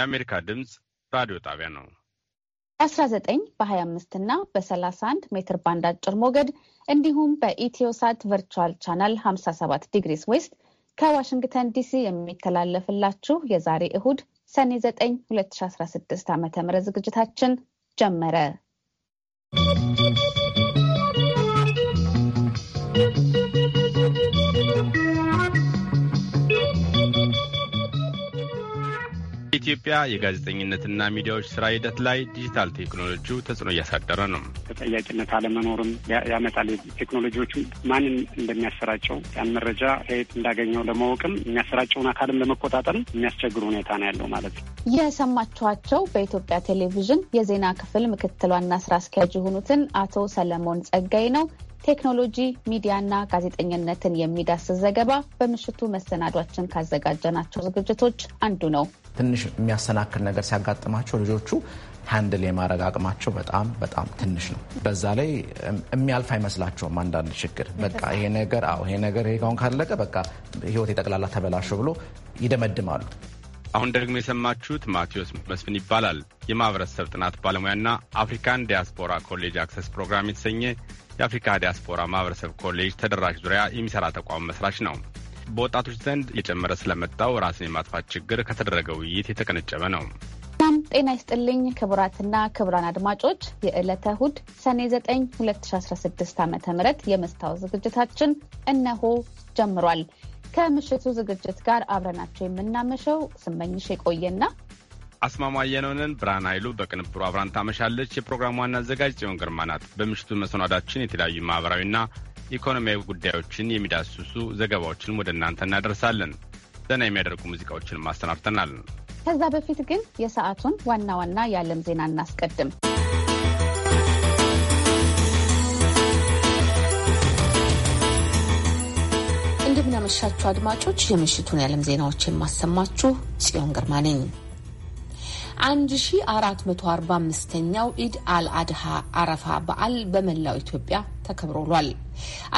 የአሜሪካ ድምፅ ራዲዮ ጣቢያ ነው። በ19 በ25 እና በ31 ሜትር ባንድ አጭር ሞገድ እንዲሁም በኢትዮሳት ቨርቹዋል ቻናል 57 ዲግሪስ ዌስት ከዋሽንግተን ዲሲ የሚተላለፍላችሁ የዛሬ እሁድ ሰኔ 9 2016 ዓ ም ዝግጅታችን ጀመረ። በኢትዮጵያ የጋዜጠኝነትና ሚዲያዎች ስራ ሂደት ላይ ዲጂታል ቴክኖሎጂ ተጽዕኖ እያሳደረ ነው። ተጠያቂነት አለመኖርም ያመጣል። ቴክኖሎጂዎቹ ማንን እንደሚያሰራጨው ያን መረጃ ከየት እንዳገኘው ለማወቅም የሚያሰራጨውን አካልም ለመቆጣጠርም የሚያስቸግር ሁኔታ ነው ያለው ማለት ነው። የሰማችኋቸው በኢትዮጵያ ቴሌቪዥን የዜና ክፍል ምክትል ዋና ስራ አስኪያጅ የሆኑትን አቶ ሰለሞን ጸጋይ ነው። ቴክኖሎጂ ሚዲያና ጋዜጠኝነትን የሚዳስስ ዘገባ በምሽቱ መሰናዷችን ካዘጋጀናቸው ዝግጅቶች አንዱ ነው። ትንሽ የሚያሰናክል ነገር ሲያጋጥማቸው ልጆቹ ሃንድል የማድረግ አቅማቸው በጣም በጣም ትንሽ ነው። በዛ ላይ የሚያልፍ አይመስላቸውም። አንዳንድ ችግር በቃ ይሄ ነገር አዎ ይሄ ነገር ይሄጋውን ካለቀ በቃ ህይወት የጠቅላላ ተበላሸ ብሎ ይደመድማሉ። አሁን ደግሞ የሰማችሁት ማቴዎስ መስፍን ይባላል። የማህበረሰብ ጥናት ባለሙያና አፍሪካን ዲያስፖራ ኮሌጅ አክሰስ ፕሮግራም የተሰኘ የአፍሪካ ዲያስፖራ ማህበረሰብ ኮሌጅ ተደራሽ ዙሪያ የሚሰራ ተቋም መስራች ነው። በወጣቶች ዘንድ እየጨመረ ስለመጣው ራስን የማጥፋት ችግር ከተደረገ ውይይት የተቀነጨበ ነው። ናም ጤና ይስጥልኝ ክቡራትና ክቡራን አድማጮች የዕለተ እሁድ ሰኔ 9 2016 ዓ ም የመስታወት ዝግጅታችን እነሆ ጀምሯል። ከምሽቱ ዝግጅት ጋር አብረናቸው የምናመሸው ስመኝሽ የቆየና ነውንን ብርሃን ኃይሉ በቅንብሩ አብራን ታመሻለች። የፕሮግራም ዋና አዘጋጅ ጽዮን ግርማ ናት። በምሽቱ መሰናዳችን የተለያዩ ማህበራዊና ኢኮኖሚያዊ ጉዳዮችን የሚዳስሱ ዘገባዎችን ወደ እናንተ እናደርሳለን። ዘና የሚያደርጉ ሙዚቃዎችንም አሰናድተናል። ከዛ በፊት ግን የሰዓቱን ዋና ዋና የዓለም ዜና እናስቀድም። እንደምናመሻችሁ አድማጮች፣ የምሽቱን የዓለም ዜናዎች የማሰማችሁ ጽዮን ግርማ ነኝ። 1445ኛው ኢድ አልአድሃ አረፋ በዓል በመላው ኢትዮጵያ ተከብሮሏል።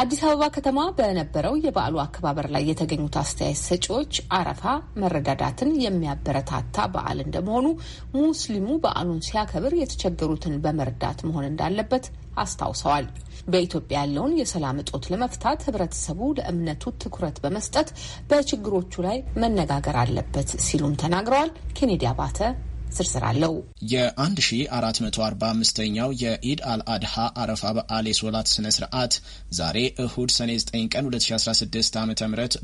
አዲስ አበባ ከተማ በነበረው የበዓሉ አከባበር ላይ የተገኙት አስተያየት ሰጪዎች አረፋ መረዳዳትን የሚያበረታታ በዓል እንደመሆኑ ሙስሊሙ በዓሉን ሲያከብር የተቸገሩትን በመርዳት መሆን እንዳለበት አስታውሰዋል። በኢትዮጵያ ያለውን የሰላም እጦት ለመፍታት ህብረተሰቡ ለእምነቱ ትኩረት በመስጠት በችግሮቹ ላይ መነጋገር አለበት ሲሉም ተናግረዋል። ኬኔዲ አባተ ዝርዝር አለው። የ1445ኛው የኢድ አልአድሃ አረፋ በዓል የሶላት ስነ ስርዓት ዛሬ እሁድ ሰኔ 9 ቀን 2016 ዓ ም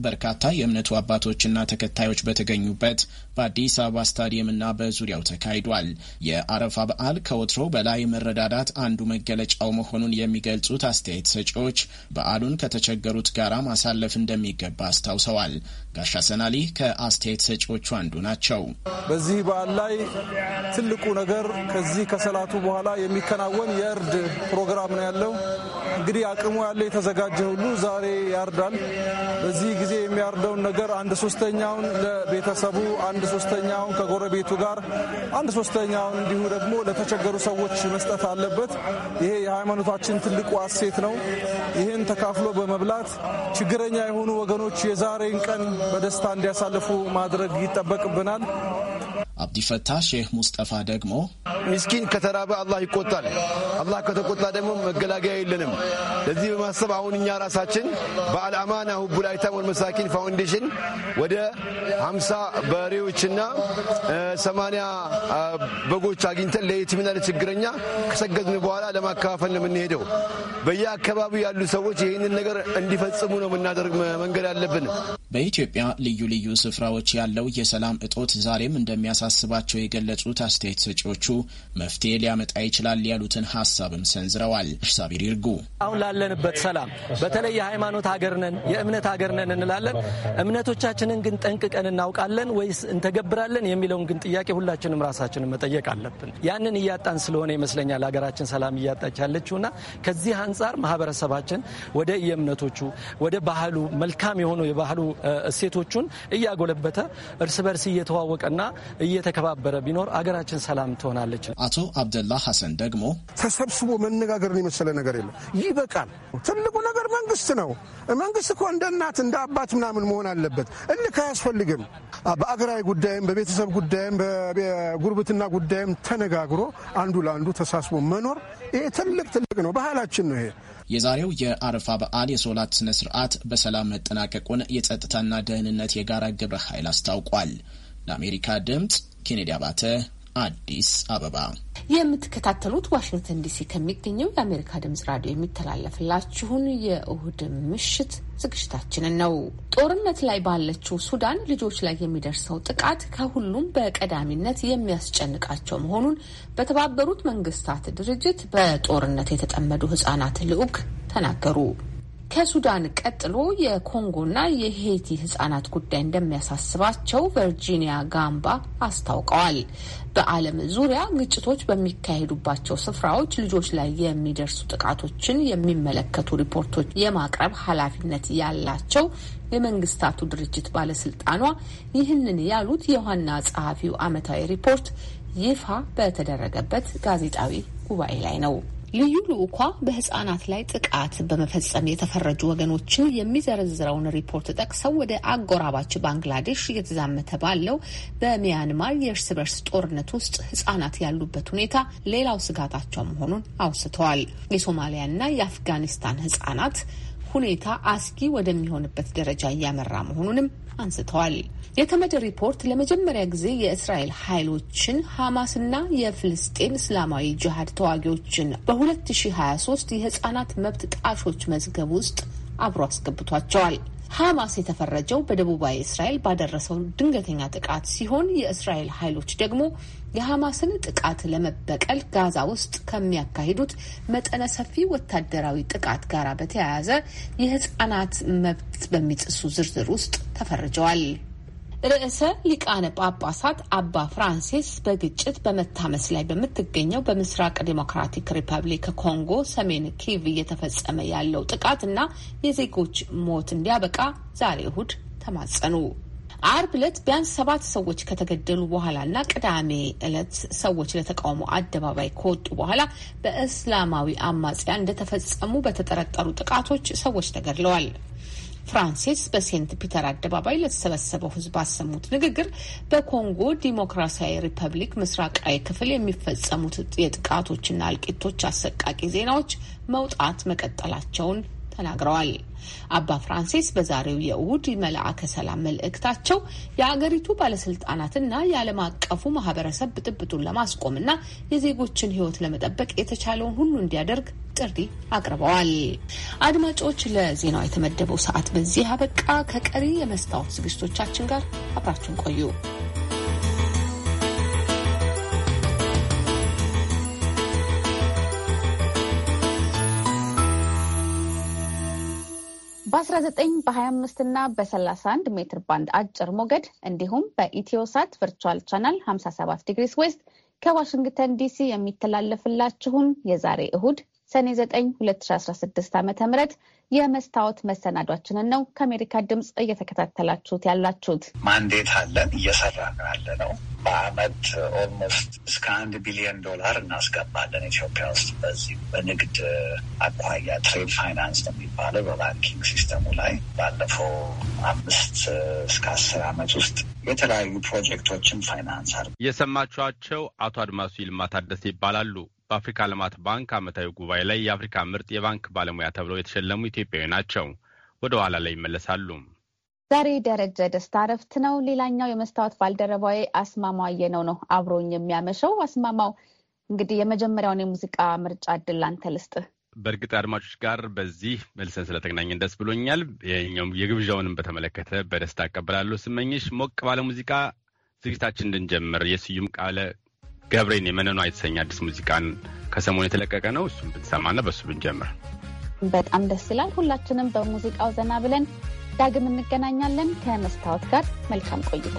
በርካታ የእምነቱ አባቶችና ተከታዮች በተገኙበት በአዲስ አበባ ስታዲየምና በዙሪያው ተካሂዷል። የአረፋ በዓል ከወትሮ በላይ መረዳዳት አንዱ መገለጫው መሆኑን የሚገልጹት አስተያየት ሰጪዎች በዓሉን ከተቸገሩት ጋራ ማሳለፍ እንደሚገባ አስታውሰዋል። ጋሻ ሰናሊ ከአስተያየት ሰጪዎቹ አንዱ ናቸው። በዚህ በዓል ላይ ትልቁ ነገር ከዚህ ከሰላቱ በኋላ የሚከናወን የእርድ ፕሮግራም ነው ያለው። እንግዲህ አቅሙ ያለው የተዘጋጀ ሁሉ ዛሬ ያርዳል። በዚህ ጊዜ የሚያርደውን ነገር አንድ ሶስተኛውን ለቤተሰቡ፣ አንድ ሶስተኛውን ከጎረቤቱ ጋር፣ አንድ ሶስተኛውን እንዲሁ ደግሞ ለተቸገሩ ሰዎች መስጠት አለበት። ይሄ የሃይማኖታችን ትልቁ አሴት ነው። ይህን ተካፍሎ በመብላት ችግረኛ የሆኑ ወገኖች የዛሬን ቀን በደስታ እንዲያሳልፉ ማድረግ ይጠበቅብናል። አብዲፈታ ሼህ ሙስጠፋ ደግሞ ምስኪን ከተራበ አላህ ይቆጣል። አላህ ከተቆጣ ደግሞ መገላገያ የለንም። ለዚህ በማሰብ አሁን እኛ ራሳችን በአልአማና ሁቡል አይታም ወልመሳኪን ፋውንዴሽን ወደ ሀምሳ በሬዎችና ሰማንያ በጎች አግኝተን ለየቲምና ለችግረኛ ከሰገዝን በኋላ ለማከፋፈል ነው የምንሄደው። በየአካባቢው ያሉ ሰዎች ይህንን ነገር እንዲፈጽሙ ነው የምናደርግ መንገድ አለብን። በኢትዮጵያ ልዩ ልዩ ስፍራዎች ያለው የሰላም እጦት ዛሬም እንደሚያሳስባቸው የገለጹት አስተያየት ሰጪዎቹ መፍትሄ ሊያመጣ ይችላል ያሉትን ሀሳብም ሰንዝረዋል። ሳቢር ይርጉ አሁን ላለንበት ሰላም በተለይ የሃይማኖት ሀገር ነን፣ የእምነት ሀገር ነን እንላለን። እምነቶቻችንን ግን ጠንቅቀን እናውቃለን ወይስ እንተገብራለን የሚለውን ግን ጥያቄ ሁላችንም ራሳችንን መጠየቅ አለብን። ያንን እያጣን ስለሆነ ይመስለኛል ሀገራችን ሰላም እያጣች ያለችውና ከዚህ አንጻር ማህበረሰባችን ወደ የእምነቶቹ ወደ ባህሉ መልካም የሆኑ የባህሉ እሴቶቹን እያጎለበተ እርስ በርስ እየተዋወቀና እየተከባበረ ቢኖር አገራችን ሰላም ትሆናለች። አቶ አብደላ ሐሰን ደግሞ ተሰብስቦ መነጋገርን የመሰለ ነገር የለም። ይበቃል። ትልቁ ነገር መንግስት ነው። መንግስት እኮ እንደ እናት እንደ አባት ምናምን መሆን አለበት። እልክ አያስፈልግም። በአገራዊ ጉዳይም በቤተሰብ ጉዳይም በጉርብትና ጉዳይም ተነጋግሮ አንዱ ለአንዱ ተሳስቦ መኖር ይሄ ትልቅ ትልቅ ነው። ባህላችን ነው ይሄ የዛሬው የአረፋ በዓል የሶላት ስነ ስርዓት በሰላም መጠናቀቁን የጸጥታና ደህንነት የጋራ ግብረ ኃይል አስታውቋል። ለአሜሪካ ድምፅ ኬኔዲ አባተ አዲስ አበባ። የምትከታተሉት ዋሽንግተን ዲሲ ከሚገኘው የአሜሪካ ድምጽ ራዲዮ የሚተላለፍላችሁን የእሁድ ምሽት ዝግጅታችንን ነው። ጦርነት ላይ ባለችው ሱዳን ልጆች ላይ የሚደርሰው ጥቃት ከሁሉም በቀዳሚነት የሚያስጨንቃቸው መሆኑን በተባበሩት መንግስታት ድርጅት በጦርነት የተጠመዱ ህጻናት ልዑክ ተናገሩ። ከሱዳን ቀጥሎ የኮንጎና የሄይቲ ህጻናት ጉዳይ እንደሚያሳስባቸው ቨርጂኒያ ጋምባ አስታውቀዋል። በዓለም ዙሪያ ግጭቶች በሚካሄዱባቸው ስፍራዎች ልጆች ላይ የሚደርሱ ጥቃቶችን የሚመለከቱ ሪፖርቶች የማቅረብ ኃላፊነት ያላቸው የመንግስታቱ ድርጅት ባለስልጣኗ ይህንን ያሉት የዋና ጸሐፊው ዓመታዊ ሪፖርት ይፋ በተደረገበት ጋዜጣዊ ጉባኤ ላይ ነው። ልዩ ልዑኳ በህጻናት ላይ ጥቃት በመፈጸም የተፈረጁ ወገኖችን የሚዘረዝረውን ሪፖርት ጠቅሰው ወደ አጎራባች ባንግላዴሽ እየተዛመተ ባለው በሚያንማር የእርስ በርስ ጦርነት ውስጥ ህጻናት ያሉበት ሁኔታ ሌላው ስጋታቸው መሆኑን አውስተዋል። የሶማሊያና የአፍጋኒስታን ህጻናት ሁኔታ አስጊ ወደሚሆንበት ደረጃ እያመራ መሆኑንም አንስተዋል። የተመድ ሪፖርት ለመጀመሪያ ጊዜ የእስራኤል ኃይሎችን ሐማስና የፍልስጤም እስላማዊ ጅሃድ ተዋጊዎችን በ2023 የህጻናት መብት ጣሾች መዝገብ ውስጥ አብሮ አስገብቷቸዋል። ሐማስ የተፈረጀው በደቡባዊ እስራኤል ባደረሰው ድንገተኛ ጥቃት ሲሆን የእስራኤል ኃይሎች ደግሞ የሐማስን ጥቃት ለመበቀል ጋዛ ውስጥ ከሚያካሂዱት መጠነ ሰፊ ወታደራዊ ጥቃት ጋር በተያያዘ የህፃናት መብት በሚጥሱ ዝርዝር ውስጥ ተፈርጀዋል። ርዕሰ ሊቃነ ጳጳሳት አባ ፍራንሲስ በግጭት በመታመስ ላይ በምትገኘው በምስራቅ ዲሞክራቲክ ሪፐብሊክ ኮንጎ ሰሜን ኪቭ እየተፈጸመ ያለው ጥቃትና የዜጎች ሞት እንዲያበቃ ዛሬ እሁድ ተማጸኑ። አርብ ዕለት ቢያንስ ሰባት ሰዎች ከተገደሉ በኋላና ቅዳሜ ዕለት ሰዎች ለተቃውሞ አደባባይ ከወጡ በኋላ በእስላማዊ አማጽያ እንደተፈጸሙ በተጠረጠሩ ጥቃቶች ሰዎች ተገድለዋል። ፍራንሲስ በሴንት ፒተር አደባባይ ለተሰበሰበው ሕዝብ ባሰሙት ንግግር በኮንጎ ዲሞክራሲያዊ ሪፐብሊክ ምስራቃዊ ክፍል የሚፈጸሙት የጥቃቶችና እልቂቶች አሰቃቂ ዜናዎች መውጣት መቀጠላቸውን ተናግረዋል። አባ ፍራንሲስ በዛሬው የእሁድ መልአከ ሰላም መልእክታቸው የአገሪቱ ባለስልጣናትና የዓለም አቀፉ ማህበረሰብ ብጥብጡን ለማስቆምና የዜጎችን ሕይወት ለመጠበቅ የተቻለውን ሁሉ እንዲያደርግ ጥሪ አቅርበዋል። አድማጮች፣ ለዜናው የተመደበው ሰዓት በዚህ አበቃ። ከቀሪ የመስታወት ዝግጅቶቻችን ጋር አብራችን ቆዩ። በ19 በ25 እና በ31 ሜትር ባንድ አጭር ሞገድ እንዲሁም በኢትዮሳት ቨርቹዋል ቻናል 57 ዲግሪስ ዌስት ከዋሽንግተን ዲሲ የሚተላለፍላችሁን የዛሬ እሁድ ሰኔ 9 2016 ዓ ም የመስታወት መሰናዷችንን ነው ከአሜሪካ ድምፅ እየተከታተላችሁት ያላችሁት። ማንዴት አለን እየሰራ ነው ያለ ነው። በአመት ኦልሞስት እስከ አንድ ቢሊዮን ዶላር እናስገባለን ኢትዮጵያ ውስጥ በዚህ በንግድ አኳያ ትሬድ ፋይናንስ ነው የሚባለው በባንኪንግ ሲስተሙ ላይ ባለፈው አምስት እስከ አስር አመት ውስጥ የተለያዩ ፕሮጀክቶችን ፋይናንስ አር የሰማችኋቸው አቶ አድማሱ ይልማ ታደሰ ይባላሉ። በአፍሪካ ልማት ባንክ ዓመታዊ ጉባኤ ላይ የአፍሪካ ምርጥ የባንክ ባለሙያ ተብለው የተሸለሙ ኢትዮጵያዊ ናቸው። ወደ ኋላ ላይ ይመለሳሉ። ዛሬ ደረጀ ደስታ እረፍት ነው። ሌላኛው የመስታወት ባልደረባዊ አስማማው አየነው ነው አብሮኝ የሚያመሸው። አስማማው እንግዲህ የመጀመሪያውን የሙዚቃ ምርጫ እድል አንተ ልስጥ። በእርግጥ አድማጮች ጋር በዚህ መልሰን ስለተገናኘን ደስ ብሎኛል። ይኸኛውም የግብዣውንም በተመለከተ በደስታ አቀበላለሁ። ስመኝሽ ሞቅ ባለ ሙዚቃ ዝግጅታችን እንድንጀምር የስዩም ቃለ ገብሬን የመነኗ የተሰኘ አዲስ ሙዚቃን ከሰሞኑ የተለቀቀ ነው። እሱም ብንሰማና በእሱ ብንጀምር በጣም ደስ ይላል። ሁላችንም በሙዚቃው ዘና ብለን ዳግም እንገናኛለን። ከመስታወት ጋር መልካም ቆይታ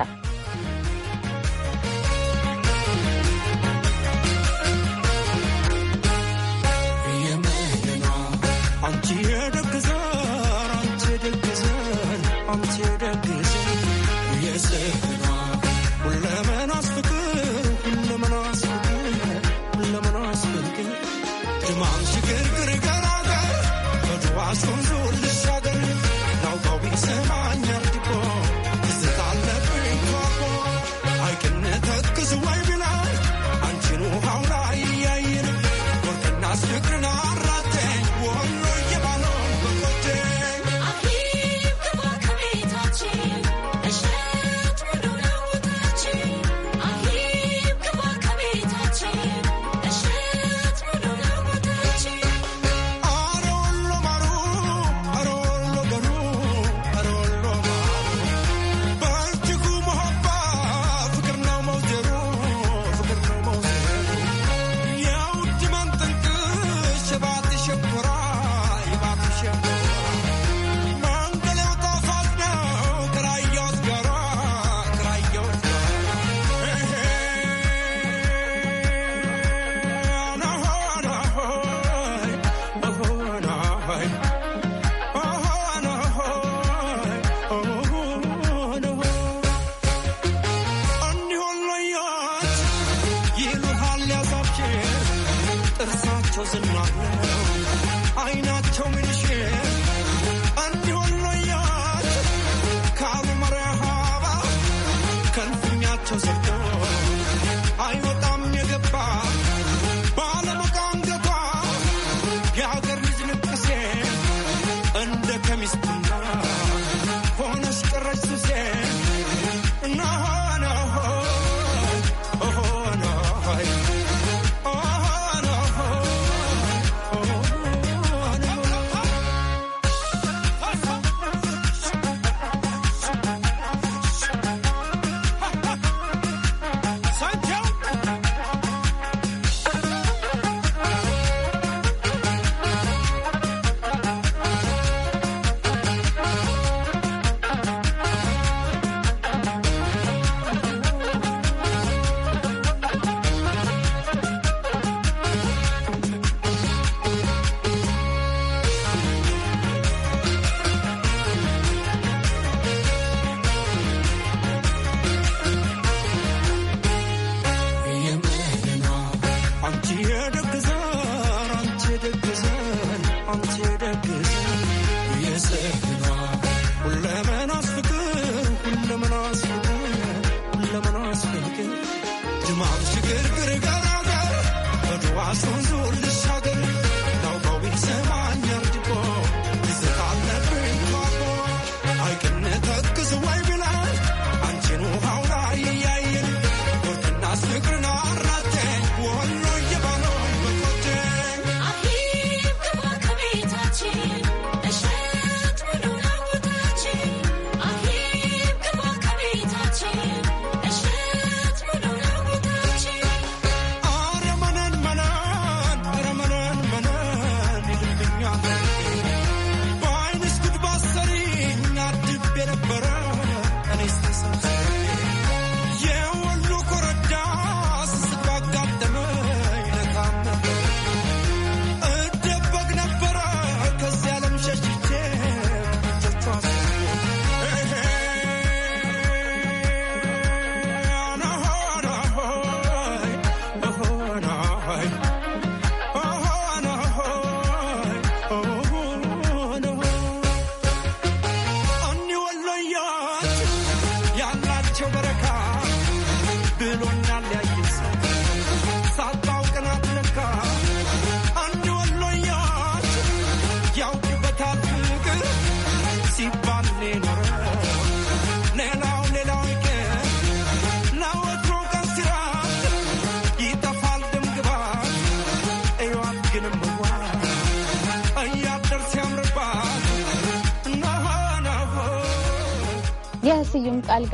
chosen one.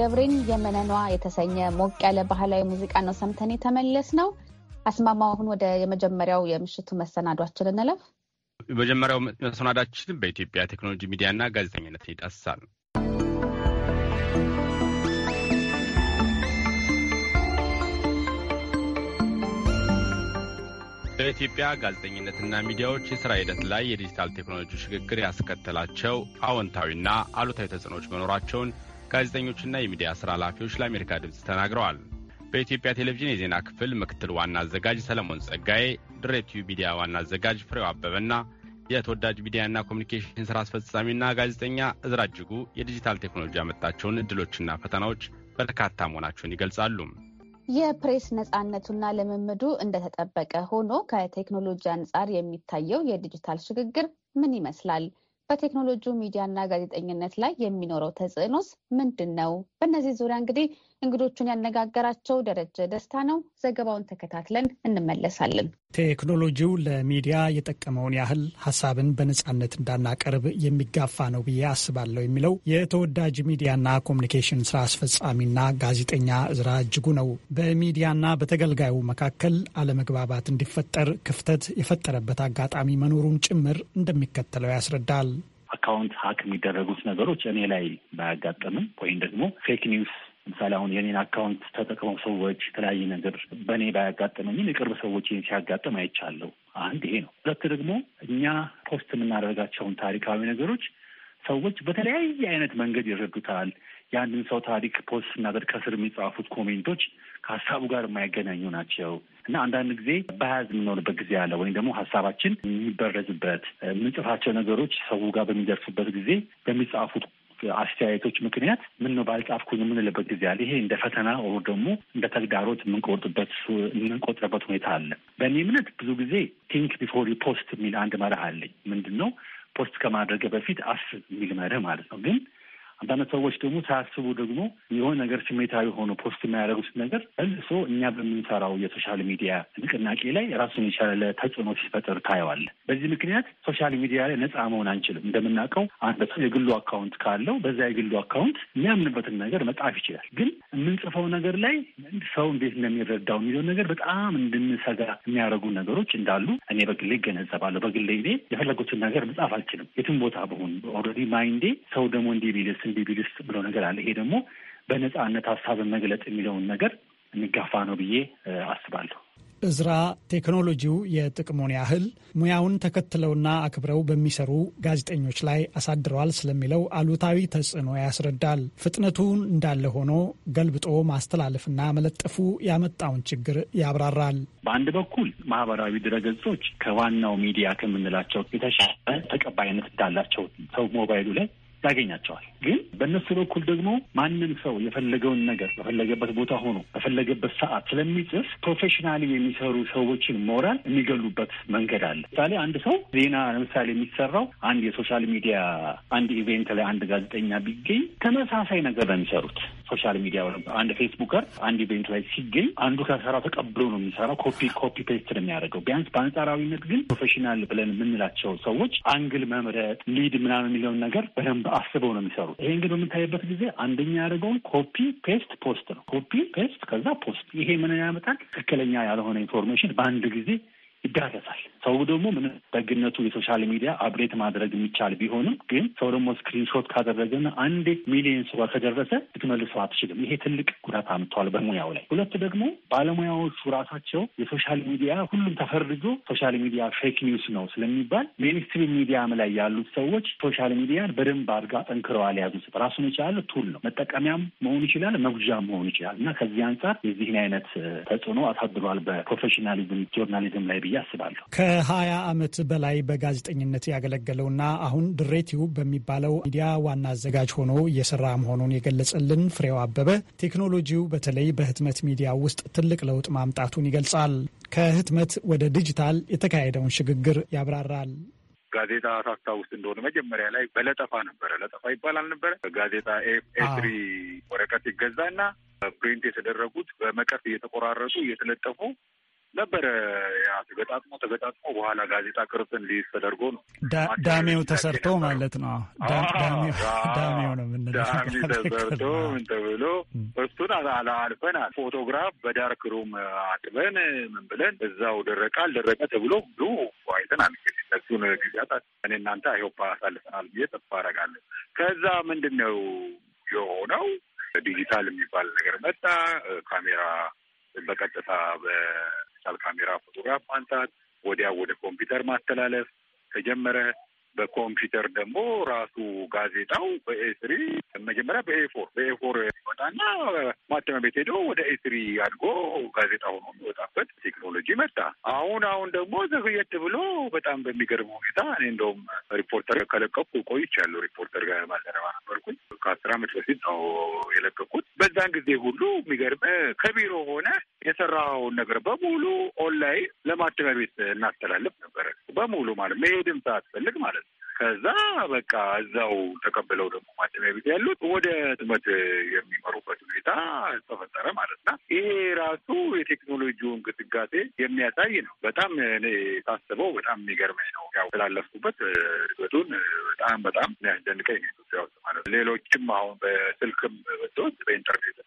ገብሬን የመነኗ የተሰኘ ሞቅ ያለ ባህላዊ ሙዚቃ ነው ሰምተን የተመለስ ነው። አስማማው፣ አሁን ወደ የመጀመሪያው የምሽቱ መሰናዷችን እንለፍ። የመጀመሪያው መሰናዷችን በኢትዮጵያ ቴክኖሎጂ ሚዲያና ጋዜጠኝነት ይዳስሳል። በኢትዮጵያ ጋዜጠኝነትና ሚዲያዎች የስራ ሂደት ላይ የዲጂታል ቴክኖሎጂ ሽግግር ያስከተላቸው አዎንታዊና አሉታዊ ተጽዕኖዎች መኖራቸውን ጋዜጠኞችና የሚዲያ ስራ ኃላፊዎች ለአሜሪካ ድምፅ ተናግረዋል። በኢትዮጵያ ቴሌቪዥን የዜና ክፍል ምክትል ዋና አዘጋጅ ሰለሞን ጸጋዬ፣ ድሬቲዩ ሚዲያ ዋና አዘጋጅ ፍሬው አበበና የተወዳጅ ሚዲያና ኮሚኒኬሽን ስራ አስፈጻሚና ጋዜጠኛ እዝራ እጅጉ የዲጂታል ቴክኖሎጂ ያመጣቸውን እድሎችና ፈተናዎች በርካታ መሆናቸውን ይገልጻሉ። የፕሬስ ነፃነቱና ልምምዱ እንደተጠበቀ ሆኖ ከቴክኖሎጂ አንጻር የሚታየው የዲጂታል ሽግግር ምን ይመስላል? በቴክኖሎጂው ሚዲያና ጋዜጠኝነት ላይ የሚኖረው ተጽዕኖስ ምንድን ነው? በእነዚህ ዙሪያ እንግዲህ እንግዶቹን ያነጋገራቸው ደረጀ ደስታ ነው። ዘገባውን ተከታትለን እንመለሳለን። ቴክኖሎጂው ለሚዲያ የጠቀመውን ያህል ሀሳብን በነጻነት እንዳናቀርብ የሚጋፋ ነው ብዬ አስባለሁ የሚለው የተወዳጅ ሚዲያና ኮሚኒኬሽን ስራ አስፈጻሚና ጋዜጠኛ እዝራ እጅጉ ነው። በሚዲያና በተገልጋዩ መካከል አለመግባባት እንዲፈጠር ክፍተት የፈጠረበት አጋጣሚ መኖሩን ጭምር እንደሚከተለው ያስረዳል። አካውንት ሀክ የሚደረጉት ነገሮች እኔ ላይ ባያጋጠምም ወይም ደግሞ ፌክ ኒውስ ለምሳሌ አሁን የኔን አካውንት ተጠቅመው ሰዎች የተለያየ ነገር በእኔ ባያጋጠመኝም የቅርብ ሰዎች ይህን ሲያጋጥም አይቻለሁ። አንድ ይሄ ነው። ሁለት ደግሞ እኛ ፖስት የምናደርጋቸውን ታሪካዊ ነገሮች ሰዎች በተለያየ አይነት መንገድ ይረዱታል። የአንድን ሰው ታሪክ ፖስት ስናደርግ ከስር የሚጻፉት ኮሜንቶች ከሀሳቡ ጋር የማይገናኙ ናቸው እና አንዳንድ ጊዜ በያዝ የምንሆንበት ጊዜ አለ። ወይም ደግሞ ሀሳባችን የሚበረዝበት የምንጽፋቸው ነገሮች ሰው ጋር በሚደርሱበት ጊዜ በሚጻፉት አስተያየቶች ምክንያት ምን ነው ባልጻፍኩኝ የምንልበት ጊዜ አለ። ይሄ እንደ ፈተና ወር ደግሞ እንደ ተግዳሮት የምንቆጥበት የምንቆጥርበት ሁኔታ አለ። በእኔ እምነት ብዙ ጊዜ ቲንክ ቢፎር ፖስት የሚል አንድ መርህ አለኝ። ምንድን ነው ፖስት ከማድረግ በፊት አስብ የሚል መርህ ማለት ነው ግን አንዳንድ ሰዎች ደግሞ ሳያስቡ ደግሞ የሆነ ነገር ስሜታዊ ሆኖ ፖስት የሚያደርጉት ነገር እልሶ እኛ በምንሰራው የሶሻል ሚዲያ ንቅናቄ ላይ ራሱን የቻለ ተጽዕኖ ሲፈጥር ታየዋል። በዚህ ምክንያት ሶሻል ሚዲያ ላይ ነፃ መሆን አንችልም። እንደምናውቀው አንድ ሰው የግሉ አካውንት ካለው በዛ የግሉ አካውንት የሚያምንበትን ነገር መጻፍ ይችላል። ግን የምንጽፈው ነገር ላይ ሰው እንዴት እንደሚረዳው የሚለውን ነገር በጣም እንድንሰጋ የሚያደርጉ ነገሮች እንዳሉ እኔ በግሌ ይገነዘባለሁ። በግሌ እኔ የፈለጉትን ነገር መጻፍ አልችልም። የትም ቦታ በሆን ኦልሬዲ ማይንዴ ሰው ደግሞ እንዲህ ቢልስ ስንዴ ቢል ውስጥ ብሎ ነገር አለ። ይሄ ደግሞ በነጻነት ሀሳብን መግለጥ የሚለውን ነገር የሚጋፋ ነው ብዬ አስባለሁ። እዝራ ቴክኖሎጂው የጥቅሙን ያህል ሙያውን ተከትለውና አክብረው በሚሰሩ ጋዜጠኞች ላይ አሳድረዋል ስለሚለው አሉታዊ ተጽዕኖ ያስረዳል። ፍጥነቱ እንዳለ ሆኖ ገልብጦ ማስተላለፍና መለጠፉ ያመጣውን ችግር ያብራራል። በአንድ በኩል ማህበራዊ ድረገጾች ከዋናው ሚዲያ ከምንላቸው የተሻለ ተቀባይነት እንዳላቸው ሰው ሞባይሉ ላይ ያገኛቸዋል። ግን በእነሱ በኩል ደግሞ ማንም ሰው የፈለገውን ነገር በፈለገበት ቦታ ሆኖ በፈለገበት ሰዓት ስለሚጽፍ ፕሮፌሽናሊ የሚሰሩ ሰዎችን ሞራል የሚገሉበት መንገድ አለ። ምሳሌ አንድ ሰው ዜና ለምሳሌ የሚሰራው አንድ የሶሻል ሚዲያ አንድ ኢቬንት ላይ አንድ ጋዜጠኛ ቢገኝ ተመሳሳይ ነገር በሚሰሩት የሚሰሩት። ሶሻል ሚዲያ አንድ ፌስቡከር አንድ ኢቬንት ላይ ሲገኝ አንዱ ከሰራው ተቀብሎ ነው የሚሰራው። ኮፒ ኮፒ ፔስት ነው የሚያደርገው። ቢያንስ በአንጻራዊነት ግን ፕሮፌሽናል ብለን የምንላቸው ሰዎች አንግል መምረጥ፣ ሊድ ምናምን የሚለውን ነገር በደንብ አስበው ነው የሚሰሩት። ይሄን ግን በምታይበት ጊዜ አንደኛ ያደርገውን ኮፒ ፔስት ፖስት ነው። ኮፒ ፔስት ከዛ ፖስት። ይሄ ምንን ያመጣል? ትክክለኛ ያልሆነ ኢንፎርሜሽን በአንድ ጊዜ ይዳረሳል። ሰው ደግሞ ምን ደግነቱ የሶሻል ሚዲያ አብሬት ማድረግ የሚቻል ቢሆንም ግን ሰው ደግሞ ስክሪንሾት ካደረገና አንዴ ሚሊየን ሰው ከደረሰ ልትመልሰው አትችልም። ይሄ ትልቅ ጉዳት አምጥቷል በሙያው ላይ። ሁለት ደግሞ ባለሙያዎቹ ራሳቸው የሶሻል ሚዲያ ሁሉም ተፈርጆ ሶሻል ሚዲያ ፌክ ኒውስ ነው ስለሚባል ሜንስትሪም ሚዲያም ላይ ያሉት ሰዎች ሶሻል ሚዲያን በደንብ አድርጋ ጠንክረዋል የያዙት። ራሱን የቻለ ቱል ነው፣ መጠቀሚያም መሆን ይችላል፣ መጉጃ መሆን ይችላል እና ከዚህ አንጻር የዚህን አይነት ተጽዕኖ አሳድሯል በፕሮፌሽናሊዝም ጆርናሊዝም ላይ ብዬ ብዬ አስባለሁ። ከሀያ ዓመት በላይ በጋዜጠኝነት ያገለገለውና አሁን ድሬቲው በሚባለው ሚዲያ ዋና አዘጋጅ ሆኖ እየሰራ መሆኑን የገለጸልን ፍሬው አበበ ቴክኖሎጂው በተለይ በህትመት ሚዲያ ውስጥ ትልቅ ለውጥ ማምጣቱን ይገልጻል። ከህትመት ወደ ዲጂታል የተካሄደውን ሽግግር ያብራራል። ጋዜጣ ታስታውስ እንደሆነ መጀመሪያ ላይ በለጠፋ ነበረ። ለጠፋ ይባላል ነበረ ጋዜጣ ኤፍኤትሪ ወረቀት ይገዛና ፕሪንት የተደረጉት በመቀስ እየተቆራረጡ እየተለጠፉ ነበረ። ያ ተገጣጥሞ ተገጣጥሞ በኋላ ጋዜጣ ቅርጽ እንዲይዝ ተደርጎ ነው ዳሜው ተሰርቶ ማለት ነው። ዳሜው ነው ዳሜ ተሰርቶ ምን ተብሎ እሱን አልፈናል። ፎቶግራፍ በዳርክ ሩም አጥበን ምን ብለን እዛው ደረቃል ደረቀ ተብሎ ብዙ አይተናል። እሱን ጊዜያት እኔ እናንተ አይሆፓ አሳልፈናል ብዬ ጠፋ አደርጋለሁ። ከዛ ምንድን ነው የሆነው? ዲጂታል የሚባል ነገር መጣ። ካሜራ በቀጥታ ዲጂታል ካሜራ ፎቶግራፍ ማንሳት፣ ወዲያ ወደ ኮምፒውተር ማስተላለፍ ተጀመረ። በኮምፒውተር ደግሞ ራሱ ጋዜጣው በኤስሪ መጀመሪያ በኤፎር በኤፎር ይወጣና ማተሚያ ቤት ሄዶ ወደ ኤስሪ አድጎ ጋዜጣ ሆኖ የሚወጣበት ቴክኖሎጂ መጣ። አሁን አሁን ደግሞ ዘግየት ብሎ በጣም በሚገርም ሁኔታ እኔ እንደውም ሪፖርተር ከለቀኩ ቆይቻለሁ። ሪፖርተር ጋር ባልደረባ ነበርኩኝ። ከአስር ዓመት በፊት ነው የለቀኩት። በዛን ጊዜ ሁሉ የሚገርም ከቢሮ ሆነ የሰራውን ነገር በሙሉ ኦንላይን ለማተሚያ ቤት እናስተላልፍ ነበረ። በሙሉ ማለት መሄድም ሳትፈልግ ማለት ነው። ከዛ በቃ እዛው ተቀብለው ደግሞ ማተሚያ ቤት ያሉት ወደ ህትመት የሚመሩበት ሁኔታ ተፈጠረ ማለት ነው። ይሄ ራሱ የቴክኖሎጂውን ግስጋሴ የሚያሳይ ነው። በጣም እኔ ታስበው በጣም የሚገርመኝ ነው። ያው ስላለፍኩበት እድገቱን በጣም በጣም የሚያስደንቀኝ ነው ኢትዮጵያ ውስጥ ማለት ሌሎችም አሁን በስልክም ብትወስድ በኢንተርኔት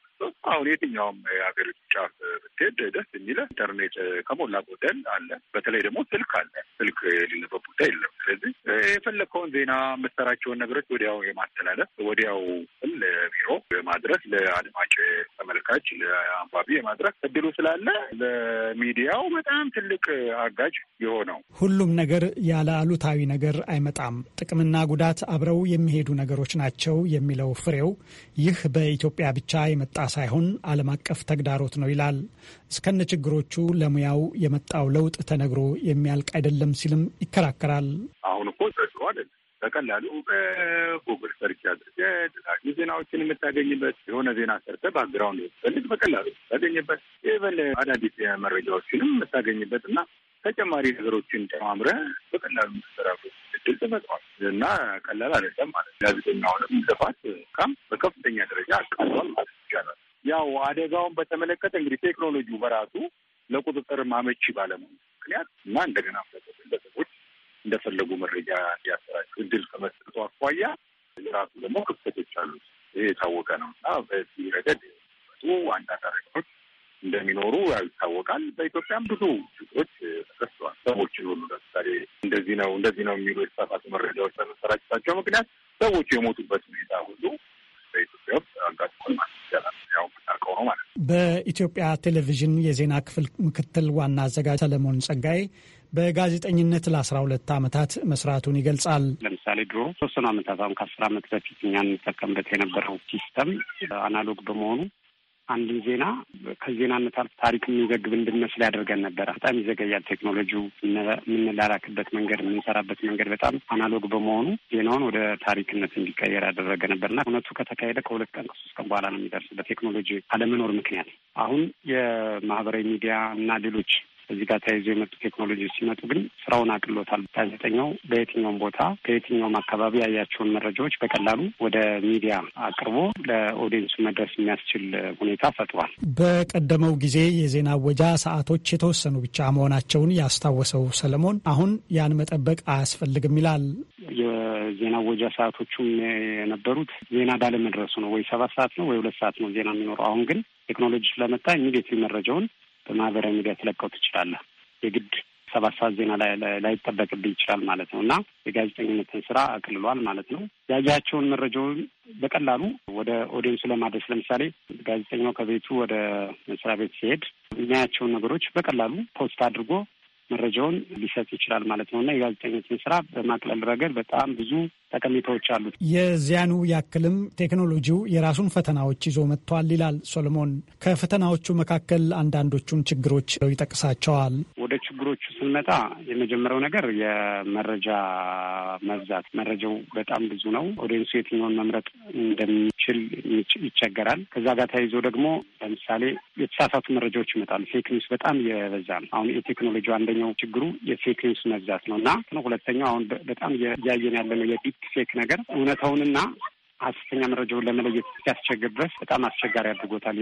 አሁን የትኛውም የሀገሪቱ ጫፍ ብትሄድ ደስ የሚለ ኢንተርኔት ከሞላ ጎደል አለ። በተለይ ደግሞ ስልክ አለ። ስልክ የሌለበት ቦታ የለም። ስለዚህ የፈለግከውን ዜና፣ የምትሰራቸውን ነገሮች ወዲያው የማስተላለፍ ወዲያው ለማድረስም ለቢሮ የማድረስ ለአድማጭ ተመልካች ለአንባቢ የማድረስ እድሉ ስላለ ለሚዲያው በጣም ትልቅ አጋጅ የሆነው ሁሉም ነገር ያለ አሉታዊ ነገር አይመጣም። ጥቅምና ጉዳት አብረው የሚሄዱ ነገሮች ናቸው የሚለው ፍሬው ይህ በኢትዮጵያ ብቻ የመጣ ሳይሆን ዓለም አቀፍ ተግዳሮት ነው ይላል። እስከነ ችግሮቹ ለሙያው የመጣው ለውጥ ተነግሮ የሚያልቅ አይደለም ሲልም ይከራከራል። አሁን በቀላሉ በጉግል ሰርች አድርገህ የተለያዩ ዜናዎችን የምታገኝበት የሆነ ዜና ሰርተ ባክግራውንድ ስትፈልግ በቀላሉ የምታገኝበት ኢቨን አዳዲስ መረጃዎችንም የምታገኝበት እና ተጨማሪ ነገሮችን ጨማምረ በቀላሉ የምትሰራበት እድል ተፈጥሯል እና ቀላል አይደለም ማለት ጋዜጠኛውንም ልፋት ካም በከፍተኛ ደረጃ አቃሏል ማለት ይቻላል። ያው አደጋውን በተመለከተ እንግዲህ ቴክኖሎጂው በራሱ ለቁጥጥር ማመቺ ባለመሆኑ ምክንያት እና እንደገና እንደፈለጉ መረጃ እንዲያሰራጩ እድል ከመስጠቱ አኳያ ራሱ ደግሞ ክፍተቶች አሉት። ይሄ የታወቀ ነው እና በዚህ ረገድ ጡ አንዳንድ አደጋዎች እንደሚኖሩ ያው ይታወቃል። በኢትዮጵያም ብዙ ችግሮች ተከስተዋል። ሰዎችን ሁሉ ለምሳሌ እንደዚህ ነው እንደዚህ ነው የሚሉ የተሳሳቱ መረጃዎች በመሰራጨታቸው ምክንያት ሰዎቹ የሞቱበት ሁኔታ ሁሉ በኢትዮጵያ ውስጥ አጋጥሟል ማለት ይቻላል። ያው የምናውቀው ነው ማለት ነው። በኢትዮጵያ ቴሌቪዥን የዜና ክፍል ምክትል ዋና አዘጋጅ ሰለሞን ጸጋዬ በጋዜጠኝነት ለ12 ዓመታት መስራቱን ይገልጻል። ለምሳሌ ድሮ ሶስቱን ዓመታት አሁን ከአስር ዓመት በፊት እኛ እንጠቀምበት የነበረው ሲስተም አናሎግ በመሆኑ አንድን ዜና ከዜናነት አልፎ ታሪክ የሚዘግብ እንድንመስል ያደርገን ነበረ። በጣም ይዘገያል ቴክኖሎጂው። የምንላላክበት መንገድ፣ የምንሰራበት መንገድ በጣም አናሎግ በመሆኑ ዜናውን ወደ ታሪክነት እንዲቀየር ያደረገ ነበርና እውነቱ ከተካሄደ ከሁለት ቀን ከሶስት ቀን በኋላ ነው የሚደርስ በቴክኖሎጂ አለመኖር ምክንያት። አሁን የማህበራዊ ሚዲያ እና ሌሎች እዚህ ጋር ተያይዞ የመጡ ቴክኖሎጂዎች ሲመጡ ግን ስራውን አቅሎታል። ጋዜጠኛው በየትኛውም ቦታ ከየትኛውም አካባቢ ያያቸውን መረጃዎች በቀላሉ ወደ ሚዲያ አቅርቦ ለኦዲየንሱ መድረስ የሚያስችል ሁኔታ ፈጥሯል። በቀደመው ጊዜ የዜና አወጃ ሰዓቶች የተወሰኑ ብቻ መሆናቸውን ያስታወሰው ሰለሞን አሁን ያን መጠበቅ አያስፈልግም ይላል። የዜና አወጃ ሰዓቶቹም የነበሩት ዜና ባለመድረሱ ነው። ወይ ሰባት ሰዓት ነው ወይ ሁለት ሰዓት ነው ዜና የሚኖረው። አሁን ግን ቴክኖሎጂ ስለመጣ ኢሚዲየትሊ መረጃውን በማህበራዊ ሚዲያ ትለቀው ትችላለህ። የግድ ሰባት ሰዓት ዜና ላይጠበቅብኝ ይችላል ማለት ነው እና የጋዜጠኝነትን ስራ አቅልሏል ማለት ነው። ያያቸውን መረጃውን በቀላሉ ወደ ኦዲየንሱ ለማድረስ ለምሳሌ ጋዜጠኛው ከቤቱ ወደ መስሪያ ቤት ሲሄድ የሚያያቸውን ነገሮች በቀላሉ ፖስት አድርጎ መረጃውን ሊሰጥ ይችላል ማለት ነው እና የጋዜጠኝነትን ስራ በማቅለል ረገድ በጣም ብዙ ጠቀሜታዎች አሉት። የዚያኑ ያክልም ቴክኖሎጂው የራሱን ፈተናዎች ይዞ መጥቷል ይላል ሶሎሞን። ከፈተናዎቹ መካከል አንዳንዶቹን ችግሮች ይጠቅሳቸዋል። ወደ ችግሮቹ ስንመጣ የመጀመሪያው ነገር የመረጃ መብዛት፣ መረጃው በጣም ብዙ ነው። ኦዲየንሱ የትኛውን መምረጥ እንደሚችል ይቸገራል። ከዛ ጋር ተያይዞ ደግሞ ለምሳሌ የተሳሳቱ መረጃዎች ይመጣሉ። ፌክ ኒውስ በጣም የበዛ ነው። አሁን የቴክኖሎጂ አንደኛው ችግሩ የፌክ ኒውስ መብዛት ነው እና ሁለተኛው አሁን በጣም እያየን ያለ ነው ዲፕ ፌክ ነገር እውነታውንና ሐሰተኛ መረጃውን ለመለየት ሲያስቸግር ድረስ በጣም አስቸጋሪ አድርጎታል።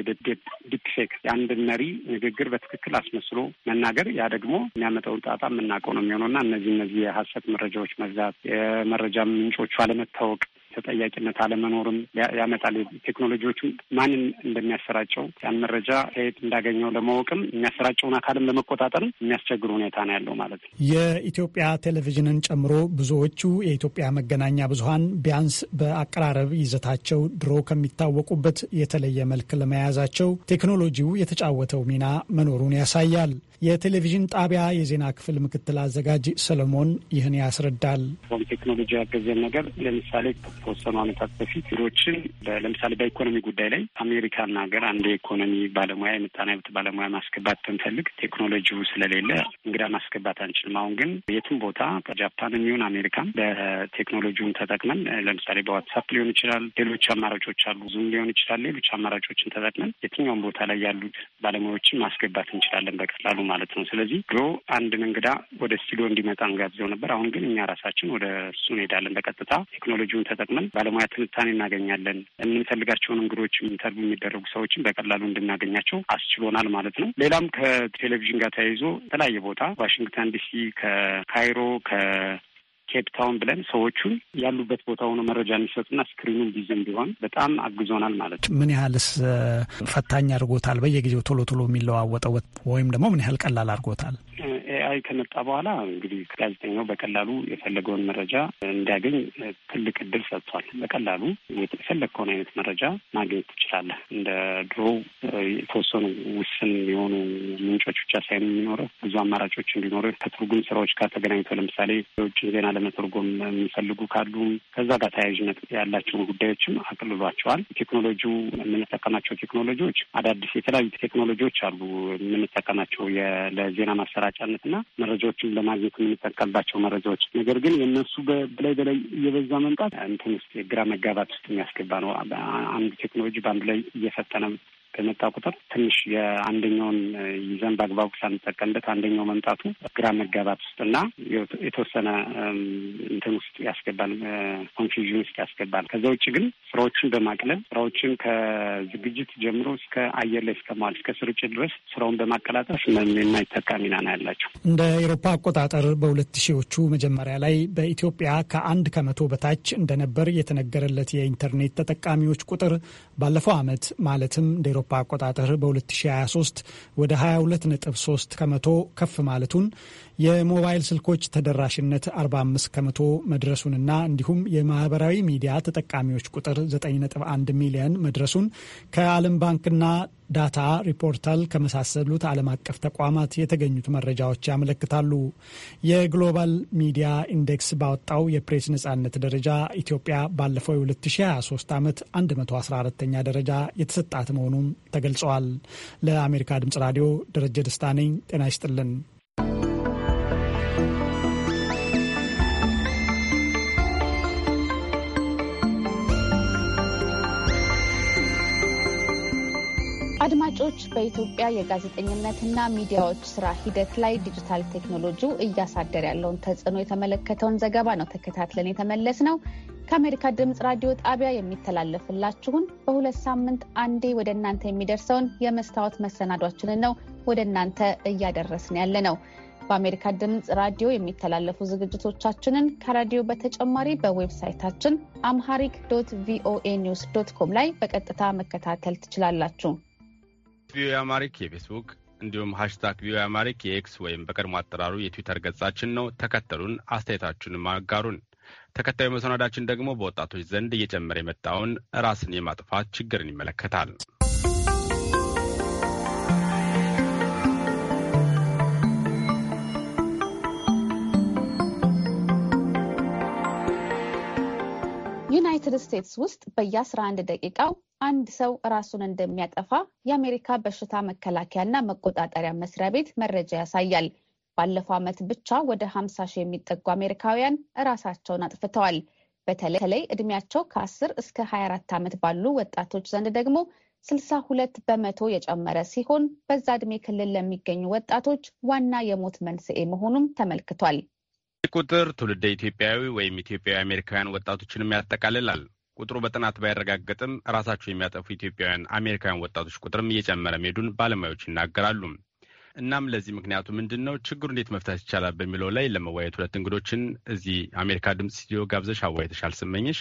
ዲፕ ፌክ የአንድን መሪ ንግግር በትክክል አስመስሎ መናገር፣ ያ ደግሞ የሚያመጣውን ጣጣ የምናውቀው ነው የሚሆነው እና እነዚህ እነዚህ የሀሰት መረጃዎች መብዛት፣ የመረጃ ምንጮቹ አለመታወቅ ተጠያቂነት አለመኖርም ያመጣል። ቴክኖሎጂዎቹ ማንን እንደሚያሰራጨው ያን መረጃ ከየት እንዳገኘው ለማወቅም የሚያሰራጨውን አካልም ለመቆጣጠርም የሚያስቸግር ሁኔታ ነው ያለው ማለት ነው። የኢትዮጵያ ቴሌቪዥንን ጨምሮ ብዙዎቹ የኢትዮጵያ መገናኛ ብዙኃን ቢያንስ በአቀራረብ ይዘታቸው ድሮ ከሚታወቁበት የተለየ መልክ ለመያዛቸው ቴክኖሎጂው የተጫወተው ሚና መኖሩን ያሳያል። የቴሌቪዥን ጣቢያ የዜና ክፍል ምክትል አዘጋጅ ሰለሞን ይህን ያስረዳል። ቴክኖሎጂ ያገዘን ነገር ለምሳሌ ከተወሰኑ ዓመታት በፊት ሮችን ለምሳሌ በኢኮኖሚ ጉዳይ ላይ አሜሪካን ሀገር አንድ የኢኮኖሚ ባለሙያ የምጣኔ ሀብት ባለሙያ ማስገባት ብንፈልግ ቴክኖሎጂው ስለሌለ እንግዳ ማስገባት አንችልም። አሁን ግን የትም ቦታ ከጃፓን የሚሆን አሜሪካን በቴክኖሎጂውን ተጠቅመን ለምሳሌ በዋትሳፕ ሊሆን ይችላል፣ ሌሎች አማራጮች አሉ፣ ዙም ሊሆን ይችላል፣ ሌሎች አማራጮችን ተጠቅመን የትኛውም ቦታ ላይ ያሉት ባለሙያዎችን ማስገባት እንችላለን በቀላሉ ማለት ነው። ስለዚህ ድሮ አንድን እንግዳ ወደ ስቱዲዮ እንዲመጣ እንጋብዘው ነበር። አሁን ግን እኛ ራሳችን ወደ እሱ እንሄዳለን። በቀጥታ ቴክኖሎጂውን ተጠቅመን ባለሙያ ትንታኔ እናገኛለን። የምንፈልጋቸውን እንግዶች ኢንተርቪው የሚደረጉ ሰዎችን በቀላሉ እንድናገኛቸው አስችሎናል ማለት ነው። ሌላም ከቴሌቪዥን ጋር ተያይዞ የተለያየ ቦታ ዋሽንግተን ዲሲ፣ ከካይሮ፣ ከ ኬፕ ታውን ብለን ሰዎቹን ያሉበት ቦታ ሆኖ መረጃ እንዲሰጡና ስክሪኑን ቢዚ እንዲሆን በጣም አግዞናል ማለት ነው። ምን ያህልስ ፈታኝ አድርጎታል? በየጊዜው ቶሎ ቶሎ የሚለዋወጠው ወይም ደግሞ ምን ያህል ቀላል አድርጎታል? ኤአይ ከመጣ በኋላ እንግዲህ ጋዜጠኛው በቀላሉ የፈለገውን መረጃ እንዲያገኝ ትልቅ እድል ሰጥቷል። በቀላሉ የፈለግከውን አይነት መረጃ ማግኘት ትችላለህ። እንደ ድሮ የተወሰኑ ውስን የሆኑ ምንጮች ብቻ ሳይሆን የሚኖረው ብዙ አማራጮች እንዲኖረ ከትርጉም ስራዎች ጋር ተገናኝቶ ለምሳሌ የውጭን ዜና ለመተርጎም የሚፈልጉ ካሉ ከዛ ጋር ተያያዥነት ያላቸውን ጉዳዮችም አቅልሏቸዋል። ቴክኖሎጂው የምንጠቀማቸው ቴክኖሎጂዎች አዳዲስ የተለያዩ ቴክኖሎጂዎች አሉ የምንጠቀማቸው ለዜና ማሰራጫነት እና መረጃዎችን ለማግኘት የምንጠቀምባቸው መረጃዎች። ነገር ግን የእነሱ በላይ በላይ እየበዛ መምጣት እንትን ውስጥ የግራ መጋባት ውስጥ የሚያስገባ ነው። አንዱ ቴክኖሎጂ በአንዱ ላይ እየፈጠነ በመጣ ቁጥር ትንሽ የአንደኛውን ይዘን በአግባቡ ሳንጠቀምበት አንደኛው መምጣቱ ግራ መጋባት ውስጥ እና የተወሰነ እንትን ውስጥ ያስገባል፣ ኮንፊውዥን ውስጥ ያስገባል። ከዛ ውጭ ግን ስራዎችን በማቅለል ስራዎችን ከዝግጅት ጀምሮ እስከ አየር ላይ እስከ መዋል እስከ ስርጭት ድረስ ስራውን በማቀላጠፍ የማይተካ ሚና ነው ያላቸው። እንደ ኤሮፓ አቆጣጠር በሁለት ሺዎቹ መጀመሪያ ላይ በኢትዮጵያ ከአንድ ከመቶ በታች እንደነበር የተነገረለት የኢንተርኔት ተጠቃሚዎች ቁጥር ባለፈው አመት ማለትም እንደ አውሮፓ አቆጣጠር በ2023 ወደ 22.3 ከመቶ ከፍ ማለቱን የሞባይል ስልኮች ተደራሽነት 45 ከመቶ መድረሱንና እንዲሁም የማህበራዊ ሚዲያ ተጠቃሚዎች ቁጥር 9.1 ሚሊዮን መድረሱን ከዓለም ባንክና ዳታ ሪፖርታል ከመሳሰሉት ዓለም አቀፍ ተቋማት የተገኙት መረጃዎች ያመለክታሉ። የግሎባል ሚዲያ ኢንዴክስ ባወጣው የፕሬስ ነጻነት ደረጃ ኢትዮጵያ ባለፈው የ2023 ዓመት 114ኛ ደረጃ የተሰጣት መሆኑም ተገልጸዋል። ለአሜሪካ ድምጽ ራዲዮ ደረጀ ደስታ ነኝ። ጤና ይስጥልን። አድማጮች በኢትዮጵያ የጋዜጠኝነትና ሚዲያዎች ስራ ሂደት ላይ ዲጂታል ቴክኖሎጂ እያሳደረ ያለውን ተጽዕኖ የተመለከተውን ዘገባ ነው ተከታትለን የተመለስ ነው። ከአሜሪካ ድምፅ ራዲዮ ጣቢያ የሚተላለፍላችሁን በሁለት ሳምንት አንዴ ወደ እናንተ የሚደርሰውን የመስታወት መሰናዷችንን ነው ወደ እናንተ እያደረስን ያለ ነው። በአሜሪካ ድምፅ ራዲዮ የሚተላለፉ ዝግጅቶቻችንን ከራዲዮ በተጨማሪ በዌብሳይታችን አምሃሪክ ዶት ቪኦኤ ኒውስ ዶት ኮም ላይ በቀጥታ መከታተል ትችላላችሁ። ቪኦኤ አማሪክ የፌስቡክ እንዲሁም ሃሽታግ ቪኦኤ አማሪክ የኤክስ ወይም በቀድሞ አጠራሩ የትዊተር ገጻችን ነው። ተከተሉን፣ አስተያየታችሁን አጋሩን። ተከታዩ መሰናዳችን ደግሞ በወጣቶች ዘንድ እየጨመረ የመጣውን ራስን የማጥፋት ችግርን ይመለከታል። ዩናይትድ ስቴትስ ውስጥ በየ11 ደቂቃው አንድ ሰው ራሱን እንደሚያጠፋ የአሜሪካ በሽታ መከላከያና መቆጣጠሪያ መስሪያ ቤት መረጃ ያሳያል። ባለፈው ዓመት ብቻ ወደ 50 ሺህ የሚጠጉ አሜሪካውያን ራሳቸውን አጥፍተዋል። በተለይ እድሜያቸው ከ10 እስከ 24 ዓመት ባሉ ወጣቶች ዘንድ ደግሞ 62 በመቶ የጨመረ ሲሆን በዛ ዕድሜ ክልል ለሚገኙ ወጣቶች ዋና የሞት መንስኤ መሆኑም ተመልክቷል። ቁጥር ትውልደ ኢትዮጵያዊ ወይም ኢትዮጵያዊ አሜሪካውያን ወጣቶችንም ያጠቃልላል። ቁጥሩ በጥናት ባይረጋገጥም ራሳቸው የሚያጠፉ ኢትዮጵያውያን አሜሪካውያን ወጣቶች ቁጥርም እየጨመረ መሄዱን ባለሙያዎች ይናገራሉ። እናም ለዚህ ምክንያቱ ምንድን ነው? ችግሩ እንዴት መፍታት ይቻላል? በሚለው ላይ ለመወያየት ሁለት እንግዶችን እዚህ አሜሪካ ድምፅ ስቱዲዮ ጋብዘሽ አወያይተሻል። ስመኝሽ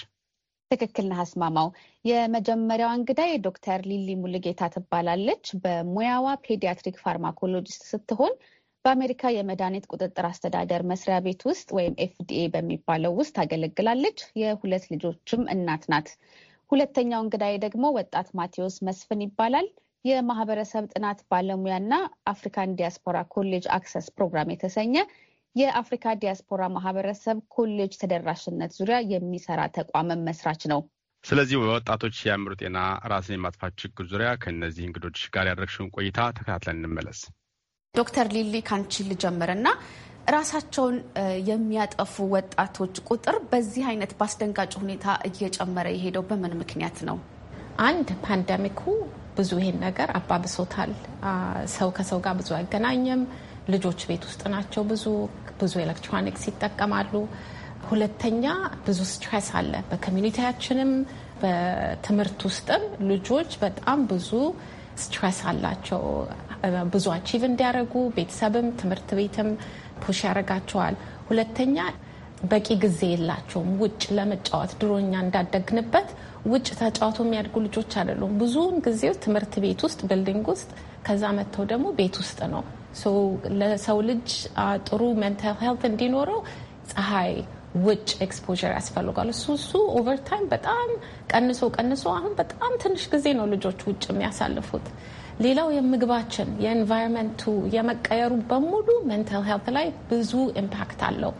ትክክል ነህ አስማማው። የመጀመሪያዋ እንግዳ ዶክተር ሊሊ ሙልጌታ ትባላለች። በሙያዋ ፔዲያትሪክ ፋርማኮሎጂስት ስትሆን በአሜሪካ የመድኃኒት ቁጥጥር አስተዳደር መስሪያ ቤት ውስጥ ወይም ኤፍዲኤ በሚባለው ውስጥ ታገለግላለች። የሁለት ልጆችም እናት ናት። ሁለተኛው እንግዳዬ ደግሞ ወጣት ማቴዎስ መስፍን ይባላል። የማህበረሰብ ጥናት ባለሙያና አፍሪካን ዲያስፖራ ኮሌጅ አክሰስ ፕሮግራም የተሰኘ የአፍሪካ ዲያስፖራ ማህበረሰብ ኮሌጅ ተደራሽነት ዙሪያ የሚሰራ ተቋም መስራች ነው። ስለዚህ ወጣቶች የአእምሮ ጤና፣ ራስን የማጥፋት ችግር ዙሪያ ከእነዚህ እንግዶች ጋር ያደረግሽውን ቆይታ ተከታትለን እንመለስ። ዶክተር ሊሊ ካንቺ ልጀምርና ራሳቸውን የሚያጠፉ ወጣቶች ቁጥር በዚህ አይነት በአስደንጋጭ ሁኔታ እየጨመረ የሄደው በምን ምክንያት ነው? አንድ ፓንደሚኩ ብዙ ይሄን ነገር አባብሶታል። ሰው ከሰው ጋር ብዙ አይገናኝም። ልጆች ቤት ውስጥ ናቸው። ብዙ ብዙ ኤሌክትሮኒክስ ይጠቀማሉ። ሁለተኛ ብዙ ስትሬስ አለ። በኮሚኒቲያችንም በትምህርት ውስጥም ልጆች በጣም ብዙ ስትሬስ አላቸው። ብዙ አቺቭ እንዲያደርጉ ቤተሰብም ትምህርት ቤትም ፑሽ ያደርጋቸዋል። ሁለተኛ በቂ ጊዜ የላቸውም ውጭ ለመጫወት። ድሮኛ እንዳደግንበት ውጭ ተጫውቶ የሚያድጉ ልጆች አይደሉም። ብዙውን ጊዜ ትምህርት ቤት ውስጥ ቢልዲንግ ውስጥ፣ ከዛ መጥተው ደግሞ ቤት ውስጥ ነው። ለሰው ልጅ ጥሩ ሜንታል ሄልት እንዲኖረው ፀሐይ፣ ውጭ ኤክስፖዠር ያስፈልጓል። እሱ እሱ ኦቨርታይም በጣም ቀንሶ ቀንሶ አሁን በጣም ትንሽ ጊዜ ነው ልጆች ውጭ የሚያሳልፉት። ሌላው የምግባችን የኤንቫይሮንመንቱ የመቀየሩ በሙሉ ሜንታል ሄልት ላይ ብዙ ኢምፓክት አለው።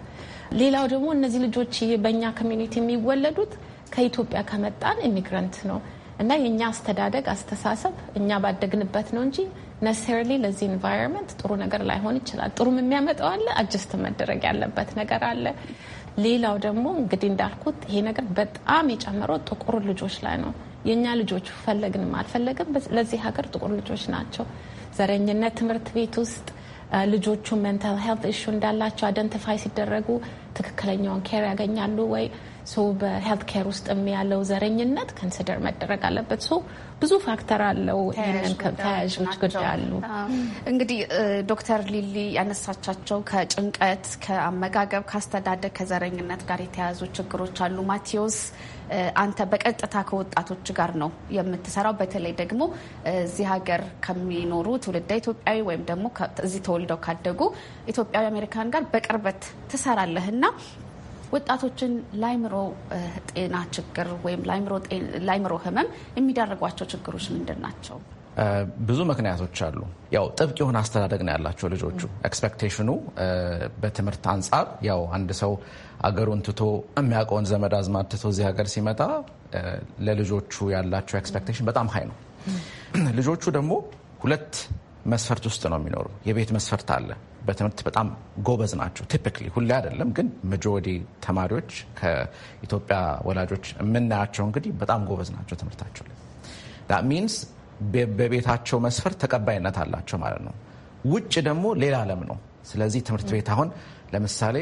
ሌላው ደግሞ እነዚህ ልጆች በእኛ ኮሚኒቲ የሚወለዱት ከኢትዮጵያ ከመጣን ኢሚግረንት ነው እና የእኛ አስተዳደግ አስተሳሰብ እኛ ባደግንበት ነው እንጂ ነሰሪ ለዚህ ኢንቫይሮንመንት ጥሩ ነገር ላይሆን ይችላል። ጥሩም የሚያመጣው አለ፣ አጀስት መደረግ ያለበት ነገር አለ። ሌላው ደግሞ እንግዲህ እንዳልኩት ይሄ ነገር በጣም የጨመረው ጥቁር ልጆች ላይ ነው። የእኛ ልጆች ፈለግንም አልፈለግም ለዚህ ሀገር ጥቁር ልጆች ናቸው። ዘረኝነት ትምህርት ቤት ውስጥ ልጆቹ ሜንታል ሄልት ኢሹ እንዳላቸው አይደንቲፋይ ሲደረጉ ትክክለኛውን ኬር ያገኛሉ ወይ በሄልት ኬር ውስጥ ያለው ዘረኝነት ከንስደር መደረግ አለበት። ብዙ ፋክተር አለው። ይህንን ተያያዦች ጉዳይ አሉ። እንግዲህ ዶክተር ሊሊ ያነሳቻቸው ከጭንቀት፣ ከአመጋገብ፣ ከአስተዳደግ፣ ከዘረኝነት ጋር የተያያዙ ችግሮች አሉ። ማቴዎስ አንተ በቀጥታ ከወጣቶች ጋር ነው የምትሰራው። በተለይ ደግሞ እዚህ ሀገር ከሚኖሩ ትውልደ ኢትዮጵያዊ ወይም ደግሞ እዚህ ተወልደው ካደጉ ኢትዮጵያዊ አሜሪካን ጋር በቅርበት ትሰራለህ እና ወጣቶችን ላይምሮ ጤና ችግር ወይም ላይምሮ ህመም የሚዳርጓቸው ችግሮች ምንድን ናቸው? ብዙ ምክንያቶች አሉ። ያው ጥብቅ የሆነ አስተዳደግ ነው ያላቸው ልጆቹ። ኤክስፔክቴሽኑ በትምህርት አንጻር ያው አንድ ሰው አገሩን ትቶ የሚያውቀውን ዘመድ አዝማድ ትቶ እዚህ ሀገር ሲመጣ ለልጆቹ ያላቸው ኤክስፔክቴሽን በጣም ሀይ ነው። ልጆቹ ደግሞ ሁለት መስፈርት ውስጥ ነው የሚኖሩ። የቤት መስፈርት አለ። በትምህርት በጣም ጎበዝ ናቸው። ቲፒክሊ ሁሌ አይደለም ግን መጆዲ ተማሪዎች ከኢትዮጵያ ወላጆች የምናያቸው እንግዲህ በጣም ጎበዝ ናቸው ትምህርታቸው ላይ ሚንስ በቤታቸው መስፈርት ተቀባይነት አላቸው ማለት ነው። ውጭ ደግሞ ሌላ ዓለም ነው። ስለዚህ ትምህርት ቤት አሁን ለምሳሌ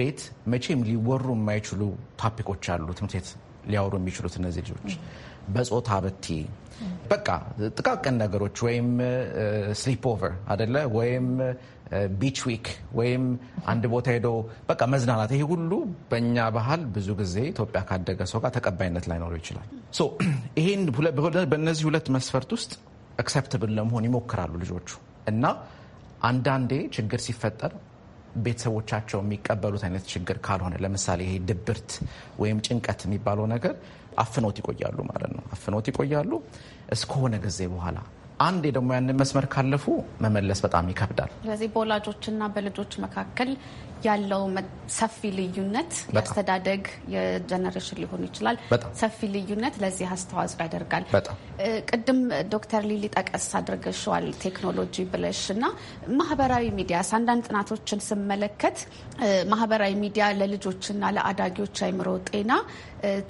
ቤት መቼም ሊወሩ የማይችሉ ታፒኮች አሉ። ትምህርት ቤት ሊያወሩ የሚችሉት እነዚህ ልጆች በጾታ በቲ በቃ ጥቃቅን ነገሮች ወይም ስሊፕ ኦቨር አደለ ወይም ቢች ዊክ ወይም አንድ ቦታ ሄዶ በቃ መዝናናት፣ ይሄ ሁሉ በእኛ ባህል ብዙ ጊዜ ኢትዮጵያ ካደገ ሰው ጋር ተቀባይነት ላይኖረው ይችላል። ይሄን በእነዚህ ሁለት መስፈርት ውስጥ አክሰፕተብል ለመሆን ይሞክራሉ ልጆቹ እና አንዳንዴ ችግር ሲፈጠር ቤተሰቦቻቸው የሚቀበሉት አይነት ችግር ካልሆነ ለምሳሌ ይሄ ድብርት ወይም ጭንቀት የሚባለው ነገር አፍኖት ይቆያሉ ማለት ነው። አፍኖት ይቆያሉ። እስከሆነ ጊዜ በኋላ አንዴ ደግሞ ያንን መስመር ካለፉ መመለስ በጣም ይከብዳል። ስለዚህ በወላጆችና በልጆች መካከል ያለው ሰፊ ልዩነት የአስተዳደግ የጀነሬሽን ሊሆን ይችላል ሰፊ ልዩነት ለዚህ አስተዋጽኦ ያደርጋል። ቅድም ዶክተር ሊሊ ጠቀስ አድርገሸዋል ቴክኖሎጂ ብለሽ እና ማህበራዊ ሚዲያስ አንዳንድ ጥናቶችን ስመለከት ማህበራዊ ሚዲያ ለልጆችና ለአዳጊዎች አይምሮ ጤና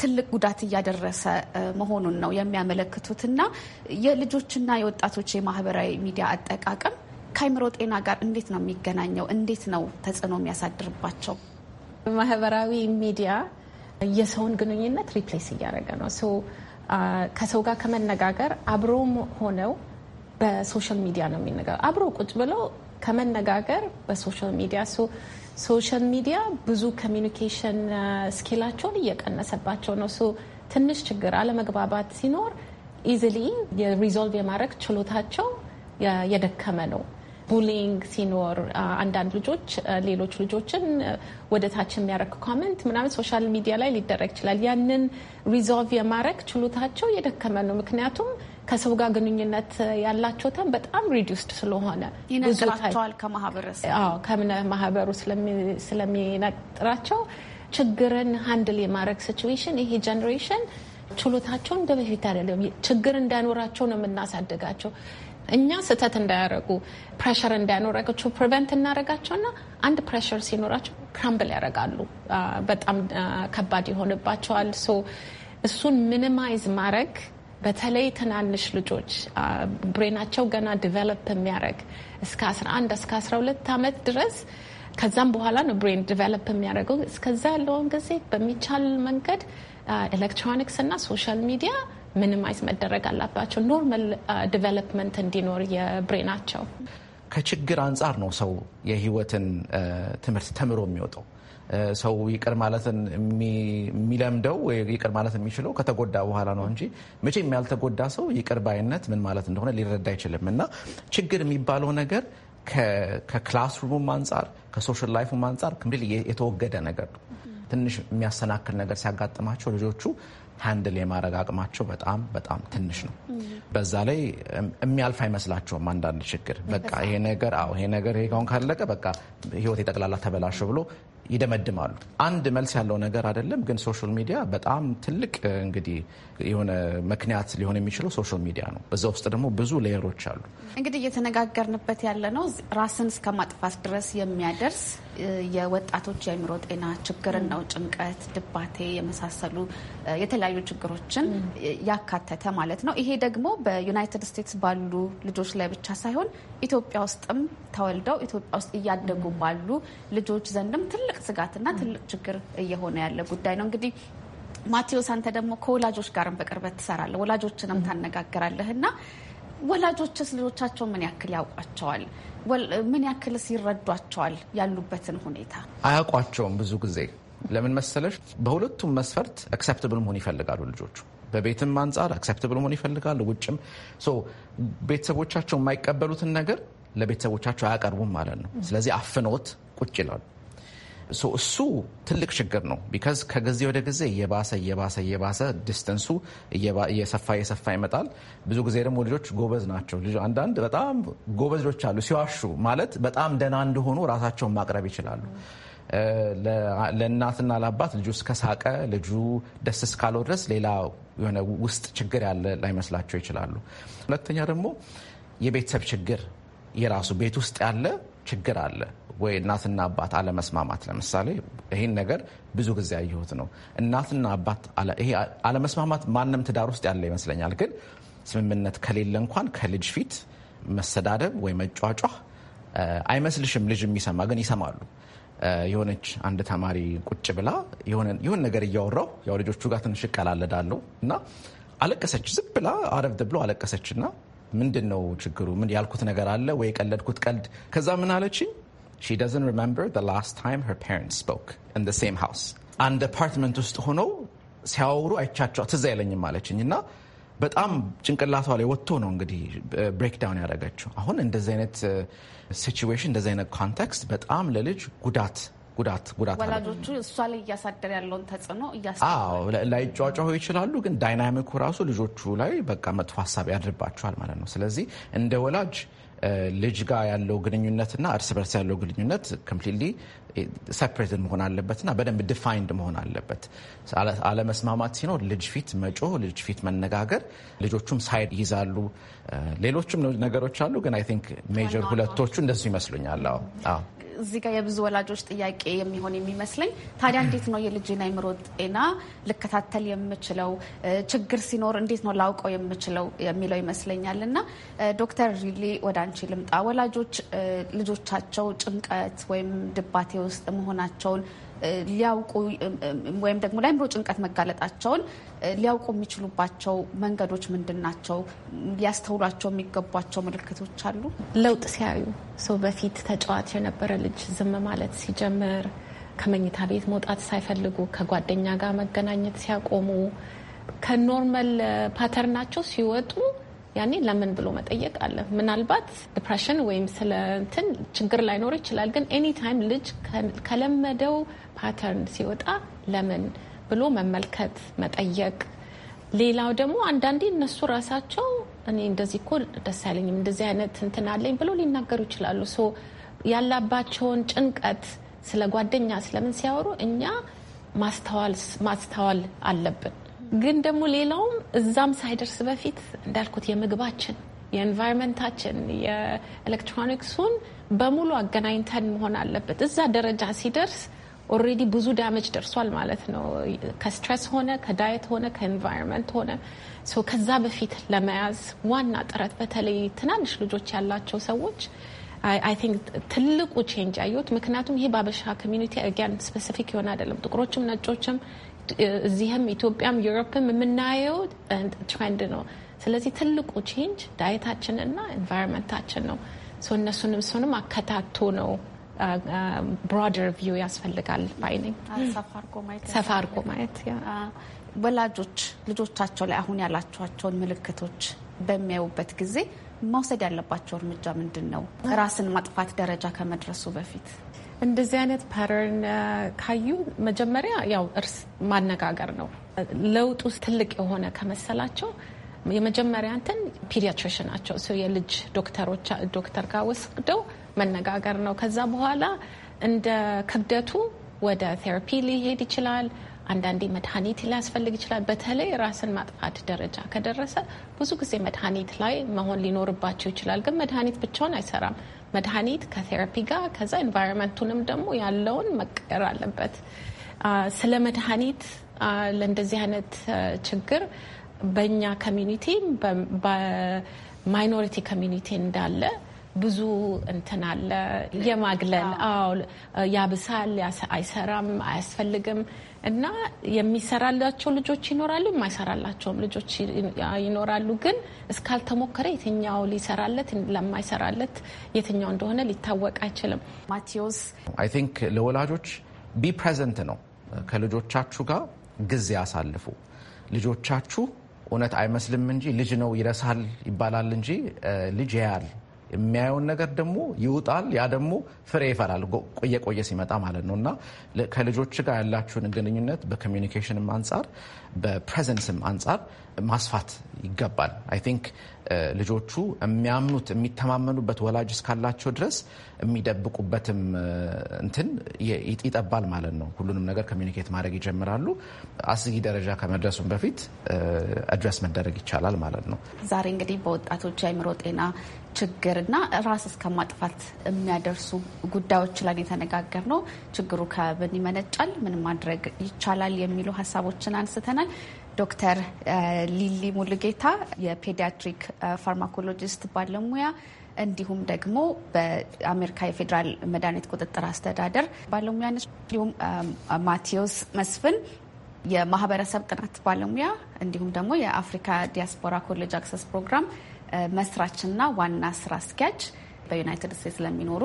ትልቅ ጉዳት እያደረሰ መሆኑን ነው የሚያመለክቱት እና የልጆችና የወጣቶች የማህበራዊ ሚዲያ አጠቃቀም ከአይምሮ ጤና ጋር እንዴት ነው የሚገናኘው? እንዴት ነው ተጽዕኖ የሚያሳድርባቸው? ማህበራዊ ሚዲያ የሰውን ግንኙነት ሪፕሌስ እያደረገ ነው። ከሰው ጋር ከመነጋገር አብሮም ሆነው በሶሻል ሚዲያ ነው የሚነጋ አብሮ ቁጭ ብለው ከመነጋገር በሶሻል ሚዲያ ሶሻል ሚዲያ ብዙ ኮሚኒኬሽን ስኪላቸውን እየቀነሰባቸው ነው። ትንሽ ችግር አለመግባባት ሲኖር ኢዚሊ የሪዞልቭ የማድረግ ችሎታቸው የደከመ ነው። ቡሊንግ ሲኖር አንዳንድ ልጆች ሌሎች ልጆችን ወደ ታች የሚያደርግ ኮመንት ምናምን ሶሻል ሚዲያ ላይ ሊደረግ ይችላል። ያንን ሪዞልቭ የማድረግ ችሎታቸው የደከመ ነው። ምክንያቱም ከሰው ጋር ግንኙነት ያላቸው በጣም ሪዲስድ ስለሆነ ይነጥራቸዋል። ማህበሩ ስለሚነጥራቸው ችግርን ሀንድል የማድረግ ሲትዌሽን ይሄ ጀኔሬሽን ችሎታቸውን እንደበፊት አይደለም። ችግር እንዳይኖራቸው ነው የምናሳድጋቸው። እኛ ስህተት እንዳያደረጉ ፕሬሽር እንዳያኖረቸው ፕሪቨንት እናደረጋቸውና አንድ ፕሬሽር ሲኖራቸው ክራምብል ያደርጋሉ። በጣም ከባድ ይሆንባቸዋል። ሶ እሱን ሚኒማይዝ ማድረግ በተለይ ትናንሽ ልጆች ብሬናቸው ገና ዲቨሎፕ የሚያደርግ እስከ 11 እስከ 12 ዓመት ድረስ ከዛም በኋላ ነው ብሬን ዲቨሎፕ የሚያደርገው። እስከዛ ያለውን ጊዜ በሚቻል መንገድ ኤሌክትሮኒክስ እና ሶሻል ሚዲያ ምንም አይስ መደረግ አላባቸው። ኖርማል ዲቨሎፕመንት uh, እንዲኖር የብሬናቸው ከችግር አንጻር ነው ሰው የህይወትን uh, ትምህርት ተምሮ የሚወጣው። uh, ሰው ይቅር ማለትን የሚለምደው ይቅር ማለት የሚችለው ከተጎዳ በኋላ ነው እንጂ መቼም ያልተጎዳ ሰው ይቅር ባይነት ምን ማለት እንደሆነ ሊረዳ አይችልም። እና ችግር የሚባለው ነገር ከክላስሩሙም አንጻር ከሶሻል ላይፉም አንጻር ክምል የተወገደ ነገር ነው። ትንሽ የሚያሰናክል ነገር ሲያጋጥማቸው ልጆቹ ሃንድል የማድረግ አቅማቸው በጣም በጣም ትንሽ ነው። በዛ ላይ የሚያልፍ አይመስላቸውም አንዳንድ ችግር በቃ ይሄ ነገር አዎ ይሄ ነገር ይሄ አሁን ካለቀ በቃ ህይወት የጠቅላላ ተበላሸው ብሎ ይደመድማሉ። አንድ መልስ ያለው ነገር አይደለም፣ ግን ሶሻል ሚዲያ በጣም ትልቅ እንግዲህ የሆነ ምክንያት ሊሆን የሚችለው ሶሻል ሚዲያ ነው። በዛ ውስጥ ደግሞ ብዙ ሌየሮች አሉ። እንግዲህ እየተነጋገርንበት ያለ ነው ራስን እስከ ማጥፋት ድረስ የሚያደርስ የወጣቶች የአእምሮ ጤና ችግርን ነው። ጭንቀት፣ ድባቴ የመሳሰሉ የተለያዩ ችግሮችን ያካተተ ማለት ነው። ይሄ ደግሞ በዩናይትድ ስቴትስ ባሉ ልጆች ላይ ብቻ ሳይሆን ኢትዮጵያ ውስጥም ተወልደው ኢትዮጵያ ውስጥ እያደጉ ባሉ ልጆች ዘንድም ትልቅ ስጋትና ትልቅ ችግር እየሆነ ያለ ጉዳይ ነው እንግዲህ ማቴዎስ አንተ ደግሞ ከወላጆች ጋርም በቅርበት ትሰራለህ፣ ወላጆችንም ታነጋግራለህ እና ወላጆችስ ልጆቻቸው ምን ያክል ያውቋቸዋል? ምን ያክልስ ይረዷቸዋል? ያሉበትን ሁኔታ አያውቋቸውም። ብዙ ጊዜ ለምን መሰለሽ፣ በሁለቱም መስፈርት አክሰፕትብል መሆን ይፈልጋሉ ልጆቹ። በቤትም አንጻር አክሰፕትብል መሆን ይፈልጋሉ፣ ውጭም። ቤተሰቦቻቸው የማይቀበሉትን ነገር ለቤተሰቦቻቸው አያቀርቡም ማለት ነው። ስለዚህ አፍኖት ቁጭ ይላሉ። እሱ ትልቅ ችግር ነው። ቢካዝ ከጊዜ ወደ ጊዜ እየባሰ እየባሰ እየባሰ ዲስተንሱ እየሰፋ እየሰፋ ይመጣል። ብዙ ጊዜ ደግሞ ልጆች ጎበዝ ናቸው። አንዳንድ በጣም ጎበዝ ልጆች አሉ። ሲዋሹ ማለት በጣም ደህና እንደሆኑ ራሳቸውን ማቅረብ ይችላሉ። ለእናትና ለአባት ልጁ እስከሳቀ ልጁ ደስ እስካለው ድረስ ሌላ የሆነ ውስጥ ችግር ያለ ላይመስላቸው ይችላሉ። ሁለተኛ ደግሞ የቤተሰብ ችግር የራሱ ቤት ውስጥ ያለ ችግር አለ። ወይ እናትና አባት አለመስማማት ለምሳሌ ይህን ነገር ብዙ ጊዜ አየሁት ነው። እናትና አባት ይሄ አለመስማማት ማንም ትዳር ውስጥ ያለ ይመስለኛል። ግን ስምምነት ከሌለ እንኳን ከልጅ ፊት መሰዳደብ ወይ መጫጫህ አይመስልሽም። ልጅ የሚሰማ ግን ይሰማሉ። የሆነች አንድ ተማሪ ቁጭ ብላ የሆነ ነገር እያወራው ያው ልጆቹ ጋር ትንሽ እቀላለዳለሁ እና አለቀሰች። ዝም ብላ አረብድ ብሎ አለቀሰች እና ምንድን ነው ችግሩ? ምን ያልኩት ነገር አለ ወይ የቀለድኩት ቀልድ? ከዛ ምን አለችኝ she doesn't remember the last time her parents spoke in the same house አንድ አፓርትመንት ውስጥ ሆነው ሲያወሩ አይቻቸው ትዝ አይለኝም አለችኝ እና በጣም ጭንቅላቷ ላይ ወጥቶ ነው እንግዲህ ብሬክዳውን ያደረገችው። አሁን እንደዚህ አይነት ሲቹዌሽን እንደዚህ አይነት ኮንቴክስት በጣም ለልጅ ጉዳት ጉዳት ጉዳት ወላጆቹ እሷ ላይ እያሳደረ ያለውን ተጽዕኖ ላይጫጫሁ ይችላሉ፣ ግን ዳይናሚኩ ራሱ ልጆቹ ላይ በቃ መጥፎ ሀሳብ ያድርባቸዋል ማለት ነው። ስለዚህ እንደ ወላጅ ልጅ ጋር ያለው ግንኙነትና እርስ በርስ ያለው ግንኙነት ኮምፕሊትሊ ሰፕሬትድ መሆን አለበትና በደንብ ዲፋይንድ መሆን አለበት። አለመስማማት ሲኖር ልጅ ፊት መጮህ፣ ልጅ ፊት መነጋገር፣ ልጆቹም ሳይድ ይዛሉ። ሌሎችም ነገሮች አሉ፣ ግን አይ ቲንክ ሜጀር ሁለቶቹ እንደሱ ይመስሉኛል። አዎ እዚህ ጋር የብዙ ወላጆች ጥያቄ የሚሆን የሚመስለኝ ታዲያ እንዴት ነው የልጅን አይምሮ ጤና ልከታተል የምችለው? ችግር ሲኖር እንዴት ነው ላውቀው የምችለው የሚለው ይመስለኛል። እና ዶክተር ሪሊ ወደ አንቺ ልምጣ። ወላጆች ልጆቻቸው ጭንቀት ወይም ድባቴ ውስጥ መሆናቸውን ሊያውቁ ወይም ደግሞ ለአእምሮ ጭንቀት መጋለጣቸውን ሊያውቁ የሚችሉባቸው መንገዶች ምንድን ናቸው? ሊያስተውሏቸው የሚገቧቸው ምልክቶች አሉ። ለውጥ ሲያዩ ሰው በፊት ተጫዋች የነበረ ልጅ ዝም ማለት ሲጀምር፣ ከመኝታ ቤት መውጣት ሳይፈልጉ ከጓደኛ ጋር መገናኘት ሲያቆሙ ከኖርማል ፓተርናቸው ሲወጡ ያኔ ለምን ብሎ መጠየቅ አለ። ምናልባት ዲፕሬሽን ወይም ስለ እንትን ችግር ላይኖር ይችላል። ግን ኤኒ ታይም ልጅ ከለመደው ፓተርን ሲወጣ ለምን ብሎ መመልከት፣ መጠየቅ። ሌላው ደግሞ አንዳንዴ እነሱ ራሳቸው እኔ እንደዚህ እኮ ደስ አይለኝም እንደዚህ አይነት እንትን አለኝ ብሎ ሊናገሩ ይችላሉ። ሶ ያላባቸውን ጭንቀት ስለ ጓደኛ ስለምን ሲያወሩ እኛ ማስተዋል ማስተዋል አለብን ግን ደግሞ ሌላውም እዛም ሳይደርስ በፊት እንዳልኩት የምግባችን፣ የኤንቫይሮንመንታችን፣ የኤሌክትሮኒክሱን በሙሉ አገናኝተን መሆን አለበት። እዛ ደረጃ ሲደርስ ኦልሬዲ ብዙ ዳመጅ ደርሷል ማለት ነው። ከስትረስ ሆነ ከዳየት ሆነ ከኤንቫይሮንመንት ሆነ ከዛ በፊት ለመያዝ ዋና ጥረት በተለይ ትናንሽ ልጆች ያላቸው ሰዎች አይ ቲንክ ትልቁ ቼንጅ አየሁት። ምክንያቱም ይሄ በአበሻ ኮሚኒቲ አጋን ስፔሲፊክ የሆነ አይደለም፣ ጥቁሮችም ነጮችም እዚህም ኢትዮጵያም ዩሮፕም የምናየው ትሬንድ ነው። ስለዚህ ትልቁ ቼንጅ ዳየታችንና ኤንቫይሮንመንታችን ነው። እነሱንም ሰውንም አከታቶ ነው ብሮደር uh, ቪው um, ያስፈልጋል። ባይነኝ ሰፋ አድርጎ ማየት ወላጆች ልጆቻቸው ላይ አሁን ያላቸዋቸውን ምልክቶች በሚያዩበት ጊዜ መውሰድ ያለባቸው እርምጃ ምንድን ነው? ራስን ማጥፋት ደረጃ ከመድረሱ በፊት እንደዚህ አይነት ፓተርን uh, ካዩ መጀመሪያ ያው እርስ ማነጋገር ነው። ለውጥ ውስጥ ትልቅ የሆነ ከመሰላቸው የመጀመሪያ እንትን ፒዲያትሪሽ ናቸው የልጅ ዶክተሮች ዶክተር ጋር ወስደው መነጋገር ነው። ከዛ በኋላ እንደ ክብደቱ ወደ ቴራፒ ሊሄድ ይችላል። አንዳንዴ መድኃኒት ሊያስፈልግ ይችላል። በተለይ ራስን ማጥፋት ደረጃ ከደረሰ ብዙ ጊዜ መድኃኒት ላይ መሆን ሊኖርባቸው ይችላል። ግን መድኃኒት ብቻውን አይሰራም። መድኃኒት ከቴራፒ ጋር ከዛ ኤንቫይሮንመንቱንም ደግሞ ያለውን መቀየር አለበት። ስለ መድኃኒት ለእንደዚህ አይነት ችግር በእኛ ኮሚኒቲ በማይኖሪቲ ኮሚኒቲ እንዳለ ብዙ እንትን አለ የማግለል አዎ፣ ያብሳል፣ አይሰራም፣ አያስፈልግም እና የሚሰራላቸው ልጆች ይኖራሉ፣ የማይሰራላቸውም ልጆች ይኖራሉ። ግን እስካልተሞከረ የትኛው ሊሰራለት ለማይሰራለት የትኛው እንደሆነ ሊታወቅ አይችልም። ማቴዎስ አይ ቲንክ ለወላጆች ቢ ፕሬዘንት ነው። ከልጆቻችሁ ጋር ጊዜ አሳልፉ። ልጆቻችሁ እውነት አይመስልም እንጂ ልጅ ነው ይረሳል ይባላል እንጂ ልጅ ያያል የሚያየውን ነገር ደግሞ ይውጣል። ያ ደግሞ ፍሬ ይፈራል ቆየ ቆየ ሲመጣ ማለት ነው እና ከልጆች ጋር ያላችሁን ግንኙነት በኮሚኒኬሽንም አንጻር በፕሬዘንስም አንጻር ማስፋት ይገባል። አይ ቲንክ ልጆቹ የሚያምኑት የሚተማመኑበት ወላጅ እስካላቸው ድረስ የሚደብቁበትም እንትን ይጠባል ማለት ነው። ሁሉንም ነገር ኮሚኒኬት ማድረግ ይጀምራሉ። አስጊ ደረጃ ከመድረሱም በፊት አድረስ መደረግ ይቻላል ማለት ነው። ዛሬ እንግዲህ በወጣቶች አይምሮ ጤና ችግርና ራስ እስከ ማጥፋት የሚያደርሱ ጉዳዮች ላይ የተነጋገር ነው። ችግሩ ከምን ይመነጫል? ምን ማድረግ ይቻላል? የሚሉ ሀሳቦችን አንስተናል። ዶክተር ሊሊ ሙሉጌታ የፔዲያትሪክ ፋርማኮሎጂስት ባለሙያ እንዲሁም ደግሞ በአሜሪካ የፌዴራል መድኃኒት ቁጥጥር አስተዳደር ባለሙያ ነች። እንዲሁም ማቴዎስ መስፍን የማህበረሰብ ጥናት ባለሙያ እንዲሁም ደግሞ የአፍሪካ ዲያስፖራ ኮሌጅ አክሰስ ፕሮግራም መስራችና ዋና ስራ አስኪያጅ በዩናይትድ ስቴትስ ለሚኖሩ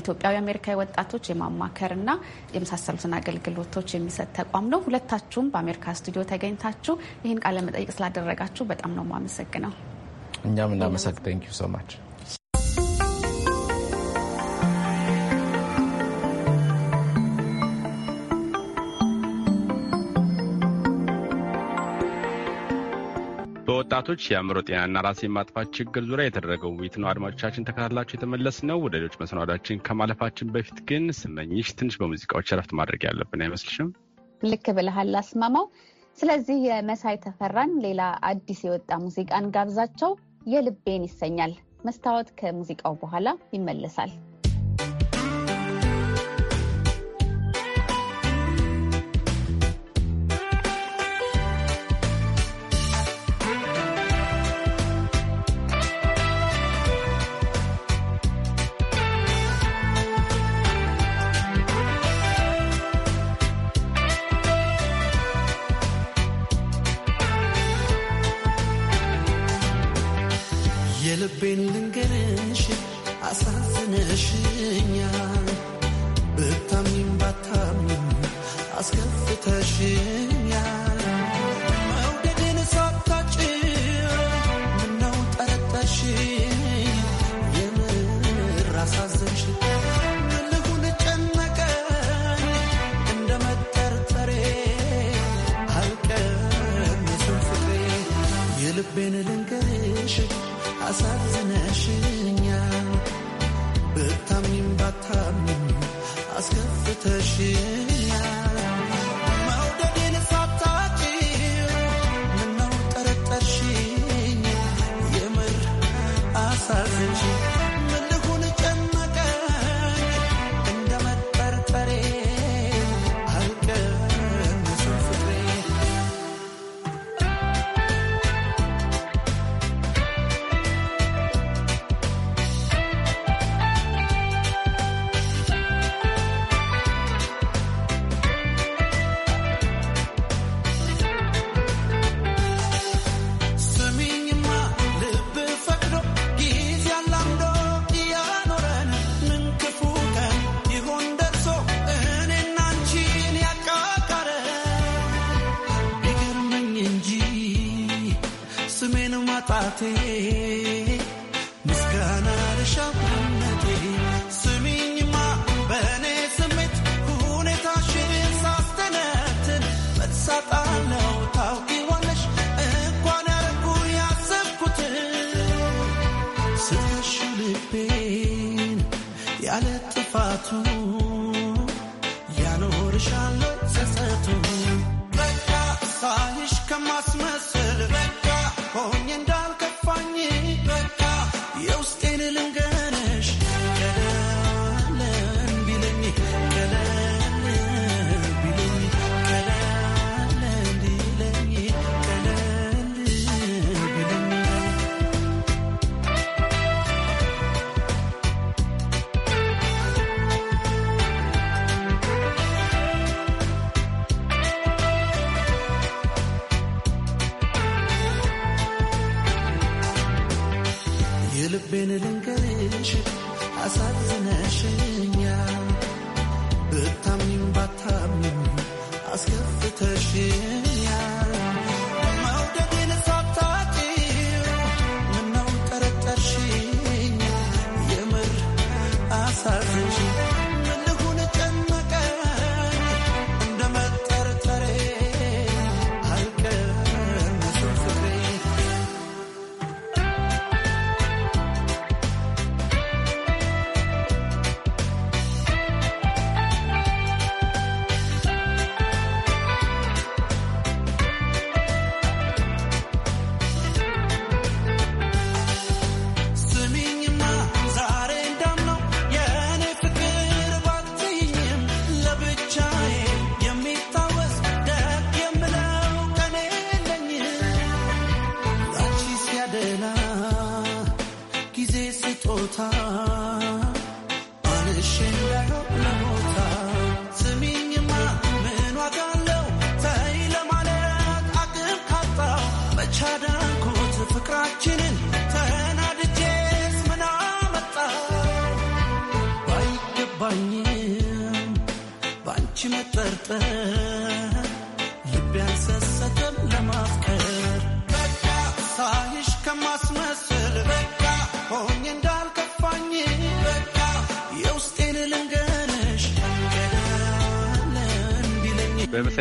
ኢትዮጵያዊ አሜሪካዊ ወጣቶች የማማከርና የመሳሰሉትን አገልግሎቶች የሚሰጥ ተቋም ነው። ሁለታችሁም በአሜሪካ ስቱዲዮ ተገኝታችሁ ይህን ቃለ መጠይቅ ስላደረጋችሁ በጣም ነው የማመሰግነው። እኛም እናመሰግ ቴንክ ዩ ሶ ማች ወጣቶች የአእምሮ ጤናና ራሴ የማጥፋት ችግር ዙሪያ የተደረገው ውይይት ነው። አድማጮቻችን ተከታትላቸው የተመለስ ነው። ወደ ሌሎች መሰናዷችን ከማለፋችን በፊት ግን ስመኝሽ፣ ትንሽ በሙዚቃዎች እረፍት ማድረግ ያለብን አይመስልሽም? ልክ ብለሃል አስማማው። ስለዚህ የመሳይ ተፈራን ሌላ አዲስ የወጣ ሙዚቃን ጋብዛቸው። የልቤን ይሰኛል። መስታወት ከሙዚቃው በኋላ ይመለሳል።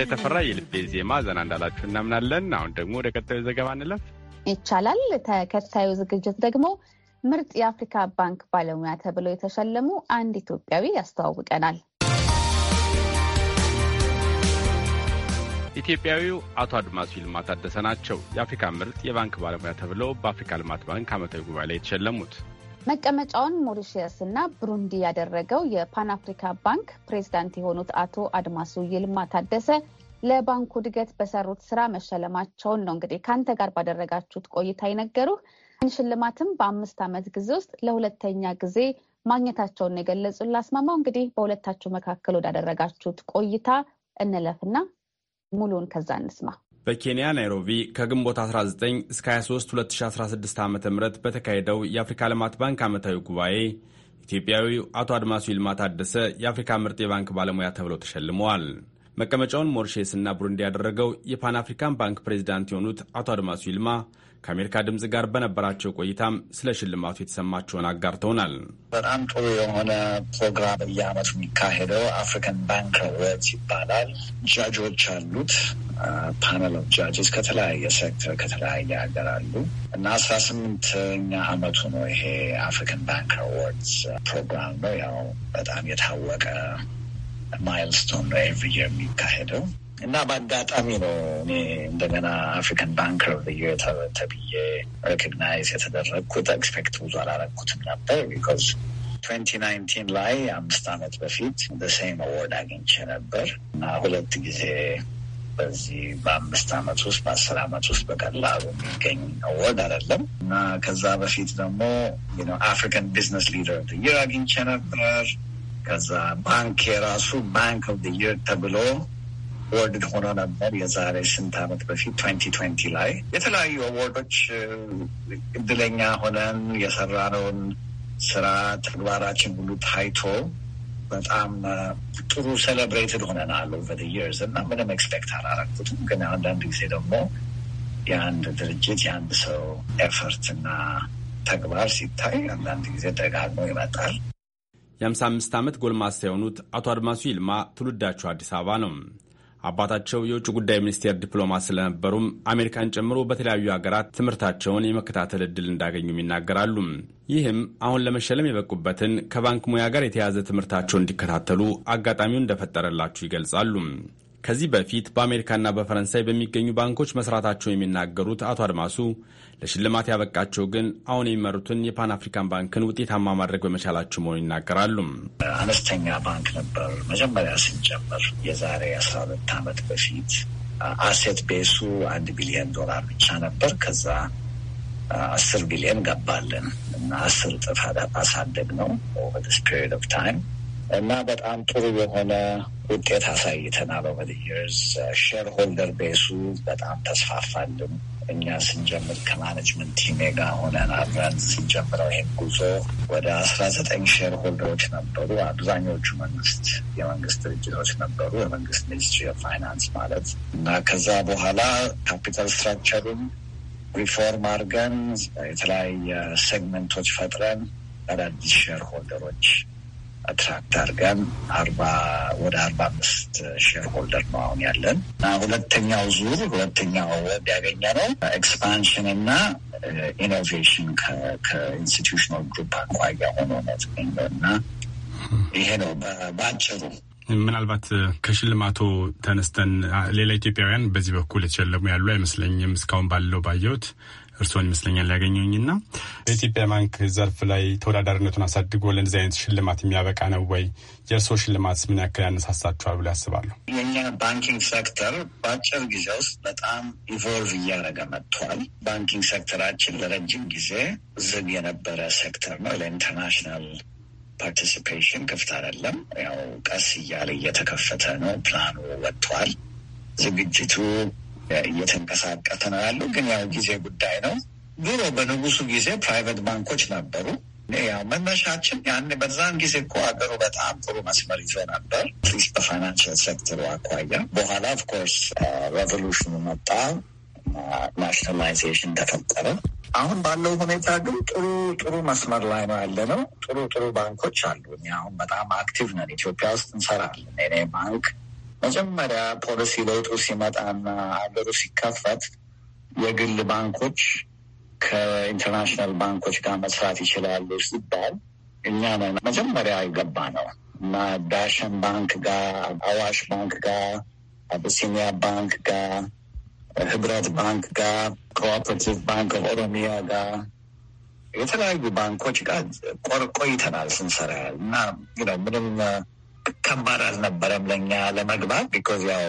ጌታ የተፈራ የልቤ ዜማ ዘና እንዳላችሁ እናምናለን። አሁን ደግሞ ወደ ቀጣዩ ዘገባ እንለፍ። ይቻላል። ተከታዩ ዝግጅት ደግሞ ምርጥ የአፍሪካ ባንክ ባለሙያ ተብለው የተሸለሙ አንድ ኢትዮጵያዊ ያስተዋውቀናል። ኢትዮጵያዊው አቶ አድማሱ ይልማ ታደሰ ናቸው። የአፍሪካ ምርጥ የባንክ ባለሙያ ተብለው በአፍሪካ ልማት ባንክ ዓመታዊ ጉባኤ ላይ የተሸለሙት መቀመጫውን ሞሪሽስ እና ብሩንዲ ያደረገው የፓን አፍሪካ ባንክ ፕሬዝዳንት የሆኑት አቶ አድማሱ ይልማ ታደሰ ለባንኩ እድገት በሰሩት ስራ መሸለማቸውን ነው እንግዲህ ከአንተ ጋር ባደረጋችሁት ቆይታ የነገሩህ። ሽልማትም በአምስት ዓመት ጊዜ ውስጥ ለሁለተኛ ጊዜ ማግኘታቸውን የገለጹ ላስማማው እንግዲህ በሁለታችሁ መካከል ወዳደረጋችሁት ቆይታ እንለፍና ሙሉውን ከዛ እንስማ። በኬንያ ናይሮቢ ከግንቦት 19 እስከ 23 2016 ዓ ም በተካሄደው የአፍሪካ ልማት ባንክ ዓመታዊ ጉባኤ ኢትዮጵያዊው አቶ አድማሱ ይልማ ታደሰ የአፍሪካ ምርጥ የባንክ ባለሙያ ተብለው ተሸልመዋል። መቀመጫውን ሞሪሼስ እና ቡሩንዲ ያደረገው የፓን አፍሪካን ባንክ ፕሬዚዳንት የሆኑት አቶ አድማሱ ይልማ ከአሜሪካ ድምፅ ጋር በነበራቸው ቆይታም ስለ ሽልማቱ የተሰማቸውን አጋርተውናል። በጣም ጥሩ የሆነ ፕሮግራም በየአመቱ የሚካሄደው አፍሪካን ባንክ ይባላል። ጃጆች አሉት። ፓነል ኦፍ ጃጅስ ከተለያየ ሴክተር ከተለያየ ሀገር አሉ እና አስራ ስምንተኛ አመቱ ነው ይሄ አፍሪካን ባንክ አዋርድስ ፕሮግራም ነው። ያው በጣም የታወቀ ማይልስቶን ነው ኤቭሪ የሚካሄደው እና በአጋጣሚ ነው እኔ እንደገና አፍሪካን ባንከር ኦፍ ዘ ይር ተብዬ ሬኮግናይዝ የተደረግኩት። ኤክስፔክት ብዙ አላረግኩትም ነበር ቢኮዝ ትንቲ ናይንቲን ላይ አምስት ዓመት በፊት ሴም አዋርድ አግኝቼ ነበር እና ሁለት ጊዜ በዚህ በአምስት ዓመት ውስጥ በአስር ዓመት ውስጥ በቀላሉ የሚገኝ አዋርድ አይደለም እና ከዛ በፊት ደግሞ አፍሪካን ቢዝነስ ሊደር ኦፍ ዘ ይር አግኝቼ ነበር። ከዛ ባንክ የራሱ ባንክ ኦፍ ዘ ይር ተብሎ ወርልድ ሆኖ ነበር የዛሬ ስንት ዓመት በፊት ትንቲ ትንቲ ላይ የተለያዩ አዋርዶች uh, እድለኛ ሆነን የሰራነውን ስራ ተግባራችን ሁሉ ታይቶ በጣም uh, ጥሩ ሴሌብሬትድ ሆነናል ኦቨር ይርስ እና ምንም ኤክስፔክት አላረኩትም። ግን አንዳንድ ጊዜ ደግሞ የአንድ ድርጅት የአንድ ሰው ኤፈርት እና ተግባር ሲታይ አንዳንድ ጊዜ ደጋግሞ ይመጣል። የ55 ዓመት ጎልማሳ የሆኑት አቶ አድማሱ ይልማ ትውልዳቸው አዲስ አበባ ነው። አባታቸው የውጭ ጉዳይ ሚኒስቴር ዲፕሎማት ስለነበሩም አሜሪካን ጨምሮ በተለያዩ ሀገራት ትምህርታቸውን የመከታተል እድል እንዳገኙም ይናገራሉ። ይህም አሁን ለመሸለም የበቁበትን ከባንክ ሙያ ጋር የተያያዘ ትምህርታቸውን እንዲከታተሉ አጋጣሚውን እንደፈጠረላችሁ ይገልጻሉ። ከዚህ በፊት በአሜሪካና በፈረንሳይ በሚገኙ ባንኮች መስራታቸው የሚናገሩት አቶ አድማሱ ለሽልማት ያበቃቸው ግን አሁን የሚመሩትን የፓን አፍሪካን ባንክን ውጤታማ ማድረግ በመቻላቸው መሆኑን ይናገራሉ። አነስተኛ ባንክ ነበር መጀመሪያ ስንጀምር የዛሬ አስራ ሁለት ዓመት በፊት አሴት ቤሱ አንድ ቢሊዮን ዶላር ብቻ ነበር። ከዛ አስር ቢሊዮን ገባለን እና አስር እጥፍ አሳደግ ነው ኦቨር ዲስ ፒሪድ ኦፍ ታይም እና በጣም ጥሩ የሆነ ውጤት አሳይተናል። ኦቨርየርስ ሼር ሆልደር ቤሱ በጣም ተስፋፋልም። እኛ ስንጀምር ከማኔጅመንት ቲሜ ጋር ሆነን አብረን ስንጀምረው ይሄን ጉዞ ወደ አስራ ዘጠኝ ሼር ሆልደሮች ነበሩ። አብዛኛዎቹ መንግስት የመንግስት ድርጅቶች ነበሩ፣ የመንግስት ሚኒስትሪ ኦፍ ፋይናንስ ማለት እና ከዛ በኋላ ካፒታል ስትራክቸሩን ሪፎርም አድርገን የተለያየ ሴግመንቶች ፈጥረን አዳዲስ ሼር ሆልደሮች አትራክት አድርገን አርባ ወደ አርባ አምስት ሼር ሆልደር ነው አሁን ያለን እና ሁለተኛው ዙር ሁለተኛው ወብ ያገኘ ነው ኤክስፓንሽን እና ኢኖቬሽን ከኢንስቲቱሽናል ግሩፕ አኳያ ሆኖ ነው እና ይሄ ነው በአጭሩ። ምናልባት ከሽልማቱ ተነስተን ሌላ ኢትዮጵያውያን በዚህ በኩል የተሸለሙ ያሉ አይመስለኝም። እስካሁን ባለው ባየሁት እርስዎን ይመስለኛል ያገኘኝና በኢትዮጵያ ባንክ ዘርፍ ላይ ተወዳዳሪነቱን አሳድጎ ለእንደዚህ አይነት ሽልማት የሚያበቃ ነው ወይ? የእርስዎ ሽልማት ምን ያክል ያነሳሳቸዋል ብሎ ያስባሉ? የኛ ባንኪንግ ሴክተር በአጭር ጊዜ ውስጥ በጣም ኢቮልቭ እያደረገ መጥቷል። ባንኪንግ ሴክተራችን ለረጅም ጊዜ ዝግ የነበረ ሴክተር ነው። ለኢንተርናሽናል ፓርቲሲፔሽን ክፍት አይደለም። ያው ቀስ እያለ እየተከፈተ ነው። ፕላኑ ወጥቷል። ዝግጅቱ እየተንቀሳቀሰ ነው ያለው። ግን ያው ጊዜ ጉዳይ ነው። ድሮ በንጉሱ ጊዜ ፕራይቬት ባንኮች ነበሩ። ያው መነሻችን ያን በዛን ጊዜ እኮ ሀገሩ በጣም ጥሩ መስመር ይዞ ነበር፣ ትሊስ በፋይናንሽል ሴክተሩ አኳያ። በኋላ ኦፍኮርስ ሬቮሉሽኑ መጣ፣ ናሽናላይዜሽን ተፈጠረ። አሁን ባለው ሁኔታ ግን ጥሩ ጥሩ መስመር ላይ ነው ያለ ነው። ጥሩ ጥሩ ባንኮች አሉ። አሁን በጣም አክቲቭ ነን። ኢትዮጵያ ውስጥ እንሰራለን። እኔ ባንክ መጀመሪያ ፖሊሲ ለውጡ ሲመጣና ሀገሩ ሲከፈት የግል ባንኮች ከኢንተርናሽናል ባንኮች ጋር መስራት ይችላሉ ሲባል እኛ ነን መጀመሪያ የገባ ነው እና ዳሽን ባንክ ጋር፣ አዋሽ ባንክ ጋር፣ አቢሲኒያ ባንክ ጋር፣ ህብረት ባንክ ጋር፣ ኮኦፐሬቲቭ ባንክ ኦሮሚያ ጋር የተለያዩ ባንኮች ጋር ቆይተናል ስንሰራ እና ምንም ከባድ አልነበረም ለእኛ ለመግባት ቢኮዝ ያው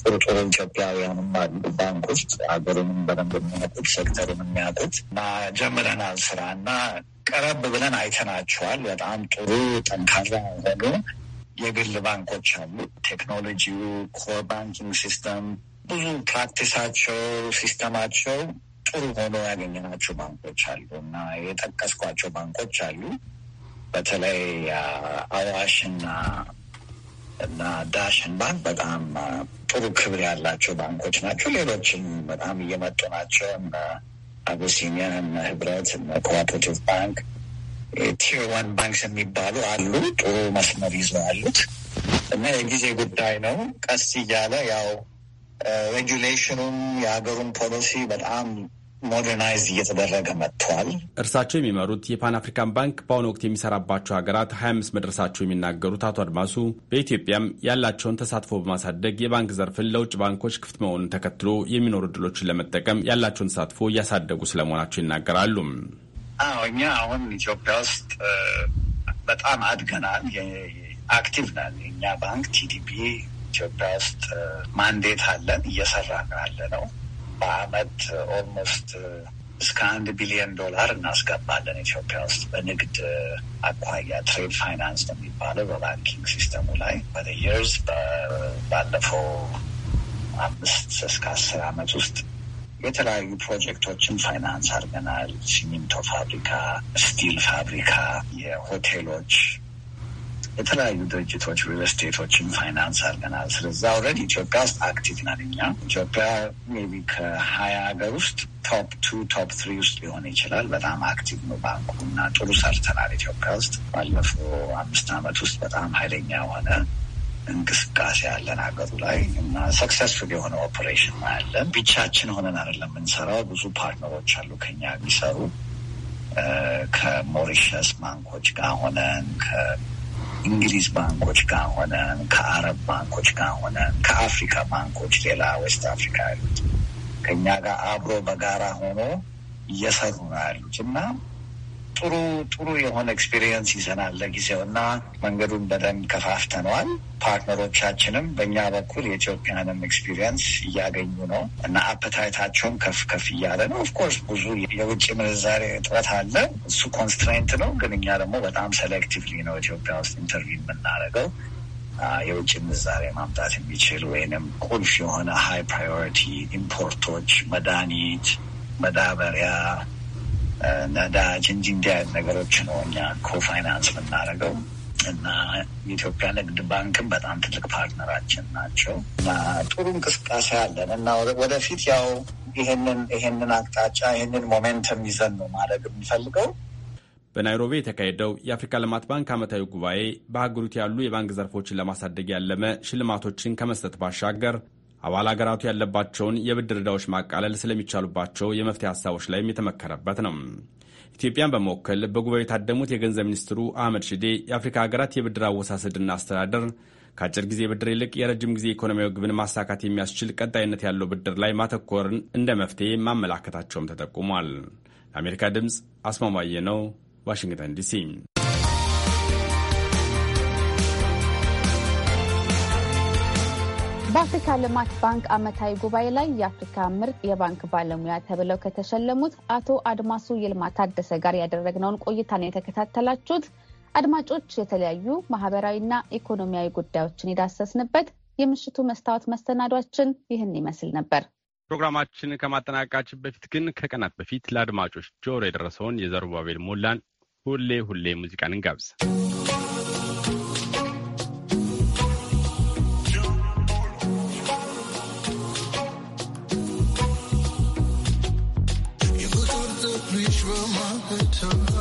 ጥሩ ጥሩ ኢትዮጵያውያንም አሉ ባንክ ውስጥ ሀገሩንም በደንብ የሚያውቁት ሴክተርን የሚያውቁት እና ጀምረናል ስራ እና ቀረብ ብለን አይተናቸዋል። በጣም ጥሩ ጠንካራ ሆኑ የግል ባንኮች አሉ። ቴክኖሎጂው፣ ኮር ባንኪንግ ሲስተም፣ ብዙ ፕራክቲሳቸው፣ ሲስተማቸው ጥሩ ሆኖ ያገኘናቸው ባንኮች አሉ እና የጠቀስኳቸው ባንኮች አሉ በተለይ አዋሽና እና ዳሽን ባንክ በጣም ጥሩ ክብር ያላቸው ባንኮች ናቸው። ሌሎችም በጣም እየመጡ ናቸው። እነ እነ ህብረት፣ እነ ኮኦፐሬቲቭ ባንክ፣ ቲር ዋን ባንክስ የሚባሉ አሉ። ጥሩ መስመር ይዘው ያሉት እና የጊዜ ጉዳይ ነው። ቀስ እያለ ያው ሬጉሌሽኑም የሀገሩን ፖሊሲ በጣም ሞደርናይዝ እየተደረገ መጥቷል። እርሳቸው የሚመሩት የፓን አፍሪካን ባንክ በአሁኑ ወቅት የሚሰራባቸው ሀገራት 25 መድረሳቸው የሚናገሩት አቶ አድማሱ በኢትዮጵያም ያላቸውን ተሳትፎ በማሳደግ የባንክ ዘርፍን ለውጭ ባንኮች ክፍት መሆኑን ተከትሎ የሚኖሩ እድሎችን ለመጠቀም ያላቸውን ተሳትፎ እያሳደጉ ስለመሆናቸው ይናገራሉ። አዎ እኛ አሁን ኢትዮጵያ ውስጥ በጣም አድገናል። አክቲቭ ነን። እኛ ባንክ ቲዲፒ ኢትዮጵያ ውስጥ ማንዴት አለን፣ እየሰራ ያለ ነው በአመት ኦልሞስት እስከ አንድ ቢሊዮን ዶላር እናስገባለን ኢትዮጵያ ውስጥ በንግድ አኳያ ትሬድ ፋይናንስ ነው የሚባለው በባንኪንግ ሲስተሙ ላይ በየርስ ባለፈው አምስት እስከ አስር አመት ውስጥ የተለያዩ ፕሮጀክቶችን ፋይናንስ አድርገናል። ሲሚንቶ ፋብሪካ፣ ስቲል ፋብሪካ፣ የሆቴሎች የተለያዩ ድርጅቶች ሪል ስቴቶችን ፋይናንስ አድርገናል። ስለዛ ኦልሬዲ ኢትዮጵያ ውስጥ አክቲቭ ናት። እኛ ኢትዮጵያ ሜይ ቢ ከሀያ ሀገር ውስጥ ቶፕ ቱ ቶፕ ትሪ ውስጥ ሊሆን ይችላል። በጣም አክቲቭ ነው ባንኩ እና ጥሩ ሰርተናል ኢትዮጵያ ውስጥ ባለፈው አምስት ዓመት ውስጥ በጣም ሀይለኛ የሆነ እንቅስቃሴ ያለን ሀገሩ ላይ እና ሰክሰስፉል የሆነ ኦፕሬሽን ያለን። ብቻችን ሆነን አይደለም የምንሰራው። ብዙ ፓርትነሮች አሉ ከኛ የሚሰሩ ከሞሪሸስ ባንኮች ጋር ሆነን እንግሊዝ ባንኮች ጋር ሆነን ከአረብ ባንኮች ጋር ሆነን ከአፍሪካ ባንኮች ሌላ ዌስት አፍሪካ ያሉት ከኛ ጋር አብሮ በጋራ ሆኖ እየሰሩ ነው ያሉት እና ጥሩ ጥሩ የሆነ ኤክስፒሪየንስ ይዘናል ለጊዜው እና መንገዱን በደንብ ከፋፍተነዋል። ፓርትነሮቻችንም በእኛ በኩል የኢትዮጵያንም ኤክስፒሪየንስ እያገኙ ነው እና አፐታይታቸውም ከፍ ከፍ እያለ ነው። ኦፍኮርስ ብዙ የውጭ ምንዛሬ እጥረት አለ። እሱ ኮንስትሬንት ነው፣ ግን እኛ ደግሞ በጣም ሴሌክቲቭሊ ነው ኢትዮጵያ ውስጥ ኢንተርቪው የምናደርገው የውጭ ምንዛሬ ማምጣት የሚችል ወይንም ቁልፍ የሆነ ሃይ ፕራዮሪቲ ኢምፖርቶች፣ መድኃኒት፣ መዳበሪያ ነዳጅ እንጂ እንዲህ አይነት ነገሮች ነው እኛ ኮፋይናንስ የምናደርገው እና የኢትዮጵያ ንግድ ባንክም በጣም ትልቅ ፓርትነራችን ናቸው እና ጥሩ እንቅስቃሴ አለን እና ወደፊት ያው ይህንን ይህንን አቅጣጫ ይህንን ሞሜንተም ይዘን ነው ማድረግ የምንፈልገው። በናይሮቢ የተካሄደው የአፍሪካ ልማት ባንክ ዓመታዊ ጉባኤ በሀገሪቱ ያሉ የባንክ ዘርፎችን ለማሳደግ ያለመ ሽልማቶችን ከመስጠት ባሻገር አባል አገራቱ ያለባቸውን የብድር ዕዳዎች ማቃለል ስለሚቻሉባቸው የመፍትሄ ሀሳቦች ላይም የተመከረበት ነው። ኢትዮጵያን በመወከል በጉባኤው የታደሙት የገንዘብ ሚኒስትሩ አህመድ ሽዴ የአፍሪካ ሀገራት የብድር አወሳሰድና አስተዳደር ከአጭር ጊዜ ብድር ይልቅ የረጅም ጊዜ ኢኮኖሚያዊ ግብን ማሳካት የሚያስችል ቀጣይነት ያለው ብድር ላይ ማተኮርን እንደ መፍትሄ ማመላከታቸውም ተጠቁሟል። ለአሜሪካ ድምፅ አስማማየ ነው፣ ዋሽንግተን ዲሲ በአፍሪካ ልማት ባንክ ዓመታዊ ጉባኤ ላይ የአፍሪካ ምርጥ የባንክ ባለሙያ ተብለው ከተሸለሙት አቶ አድማሱ ይልማ ታደሰ ጋር ያደረግነውን ቆይታ ነው የተከታተላችሁት። አድማጮች የተለያዩ ማህበራዊና ኢኮኖሚያዊ ጉዳዮችን የዳሰስንበት የምሽቱ መስታወት መሰናዷችን ይህን ይመስል ነበር። ፕሮግራማችን ከማጠናቀቃችን በፊት ግን ከቀናት በፊት ለአድማጮች ጆሮ የደረሰውን የዘሩባቤል ሞላን ሁሌ ሁሌ ሙዚቃን እንጋብዝ። room on the tour.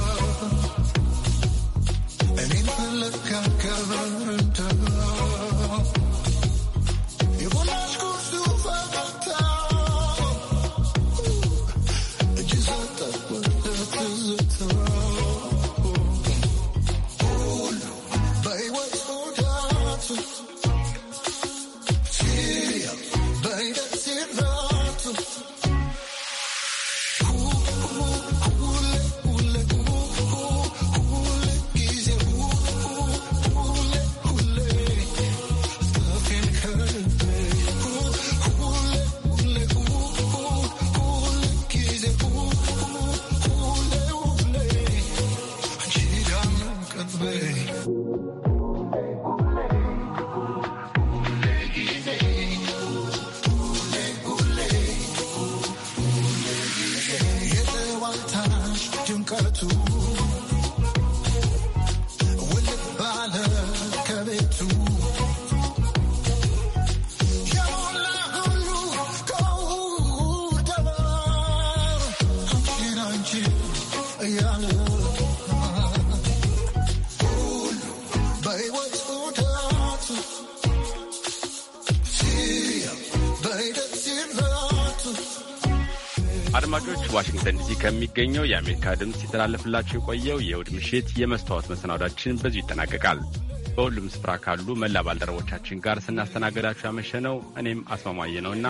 ዲሲ ከሚገኘው የአሜሪካ ድምፅ ሲተላለፍላቸው የቆየው የእሁድ ምሽት የመስታወት መሰናዷችን በዚሁ ይጠናቀቃል። በሁሉም ስፍራ ካሉ መላ ባልደረቦቻችን ጋር ስናስተናገዳችሁ ነው። እኔም አስማማየ ነውና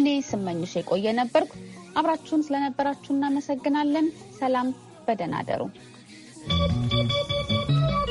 እኔ ስመኝሽ የቆየ ነበርኩ። አብራችሁን ስለነበራችሁ እናመሰግናለን። ሰላም፣ በደህና አደሩ።